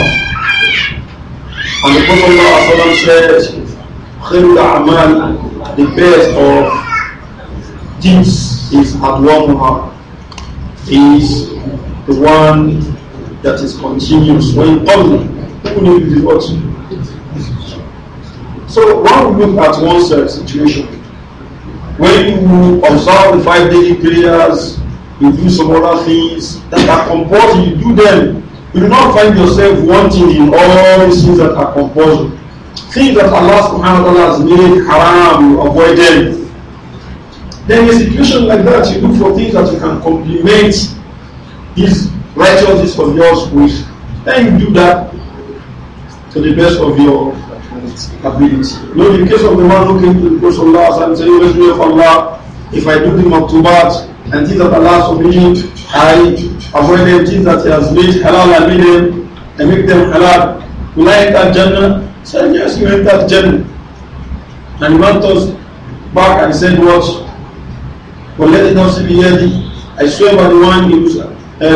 And the Prophet said, Khairul the best of deeds is Adwamuha, is the one that is continuous when only, who if it is what. So one look at oneself situation, When you observe the five daily prayers, you do some other things that are compulsory, you do them. You do not find yourself wanting in all the things that are compulsory. Things that Allah subhanahu wa ta'ala has made haram, you avoid them. Then in a situation like that, you look for things that you can complement this righteousness of yours with. Then you do that to the best of your ability. No, in case of the man who came to the Prophet and said, Always oh, of Allah, if I do the maktubat and things that Allah forbid, I avoid them, things that He has made halal, I made them, I make them halal. Will I enter Jannah? Said, Yes, you enter Jannah. And he went us back and said, What? But let it not be heard. I swear by the one who uh,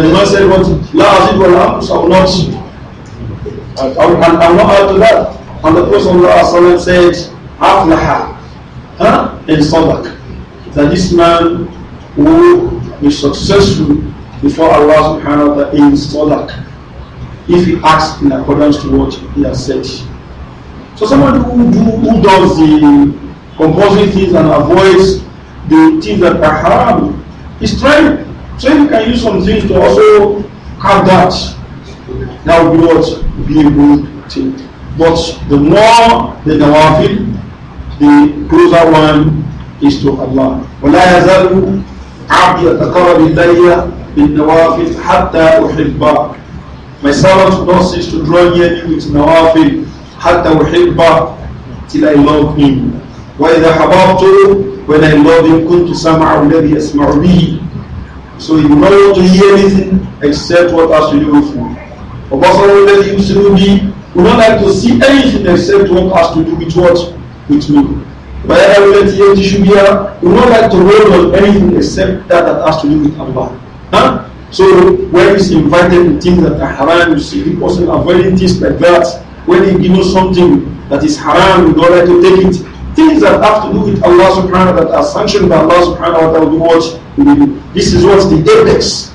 the man said, What? La azid wa la, I will not. I will not add to that. And the Prophet said, Aflaha, huh? in Sabak, that this man will be successful before Allah subhanahu wa ta'ala in Sabak if he acts in accordance to what he has said. So someone who, do, who does the composing things and avoids the things that are haram is trying. So you can use some things to also have that. That would be what? Be a good thing. But the more the nawafil, the closer one is to Allah. ولا يزال عبدي يتقرب إلي بالنوافل حتى أحبه. My servant will not cease to draw near me with nawafil حتى أحبه till I love him. وإذا حببته when I love him كنت سمعه الذي يسمع به. So he will not want to hear anything except what I should do with him. وبصره الذي يبصر به we don't like to see anything except what has to do with what? With me. Wherever we let you should be here, we don't like to worry about anything except that that has to do with Allah. Huh? So when he's invited to things that are haram, you see the person avoiding things like that. When he gives something that is haram, we don't like to take it. Things that have to do with Allah subhanahu wa ta'ala that are sanctioned by Allah subhanahu wa ta'ala, we This is what's the apex.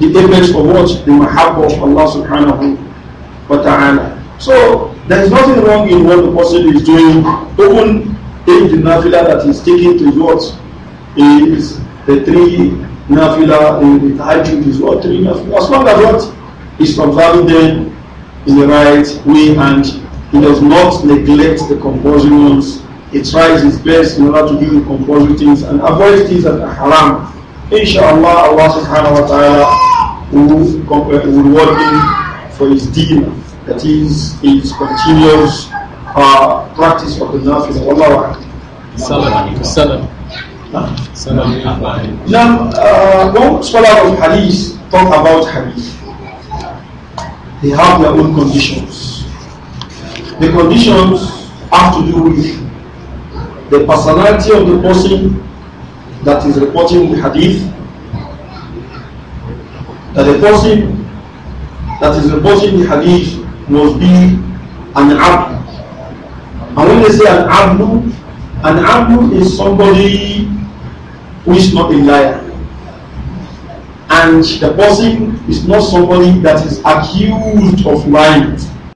The apex of what? The mahabba of Allah subhanahu wa ta'ala. So there is nothing wrong in what the person is doing, even if the nafila is taking to what is the three nafila, in the tahajjud is what three nafila. As long as what is observing them in the right way and he does not neglect the compulsory ones. He tries his best in order to do the compulsory things and avoid things that are haram. Inshallah, Allah subhanahu wa ta'ala will reward him for his deed that is his continuous uh, practice of the nafil. Wallahu Salam. Salam. Salam. Now, uh, one scholar of hadith talk about hadith. They have their own conditions. The conditions have to do with the personality of the person that is reporting the hadith, that the person that is reporting the hadith must be an abdu. And when they say an abdu, an abdu is somebody who is not a liar. And the person is not somebody that is accused of lying.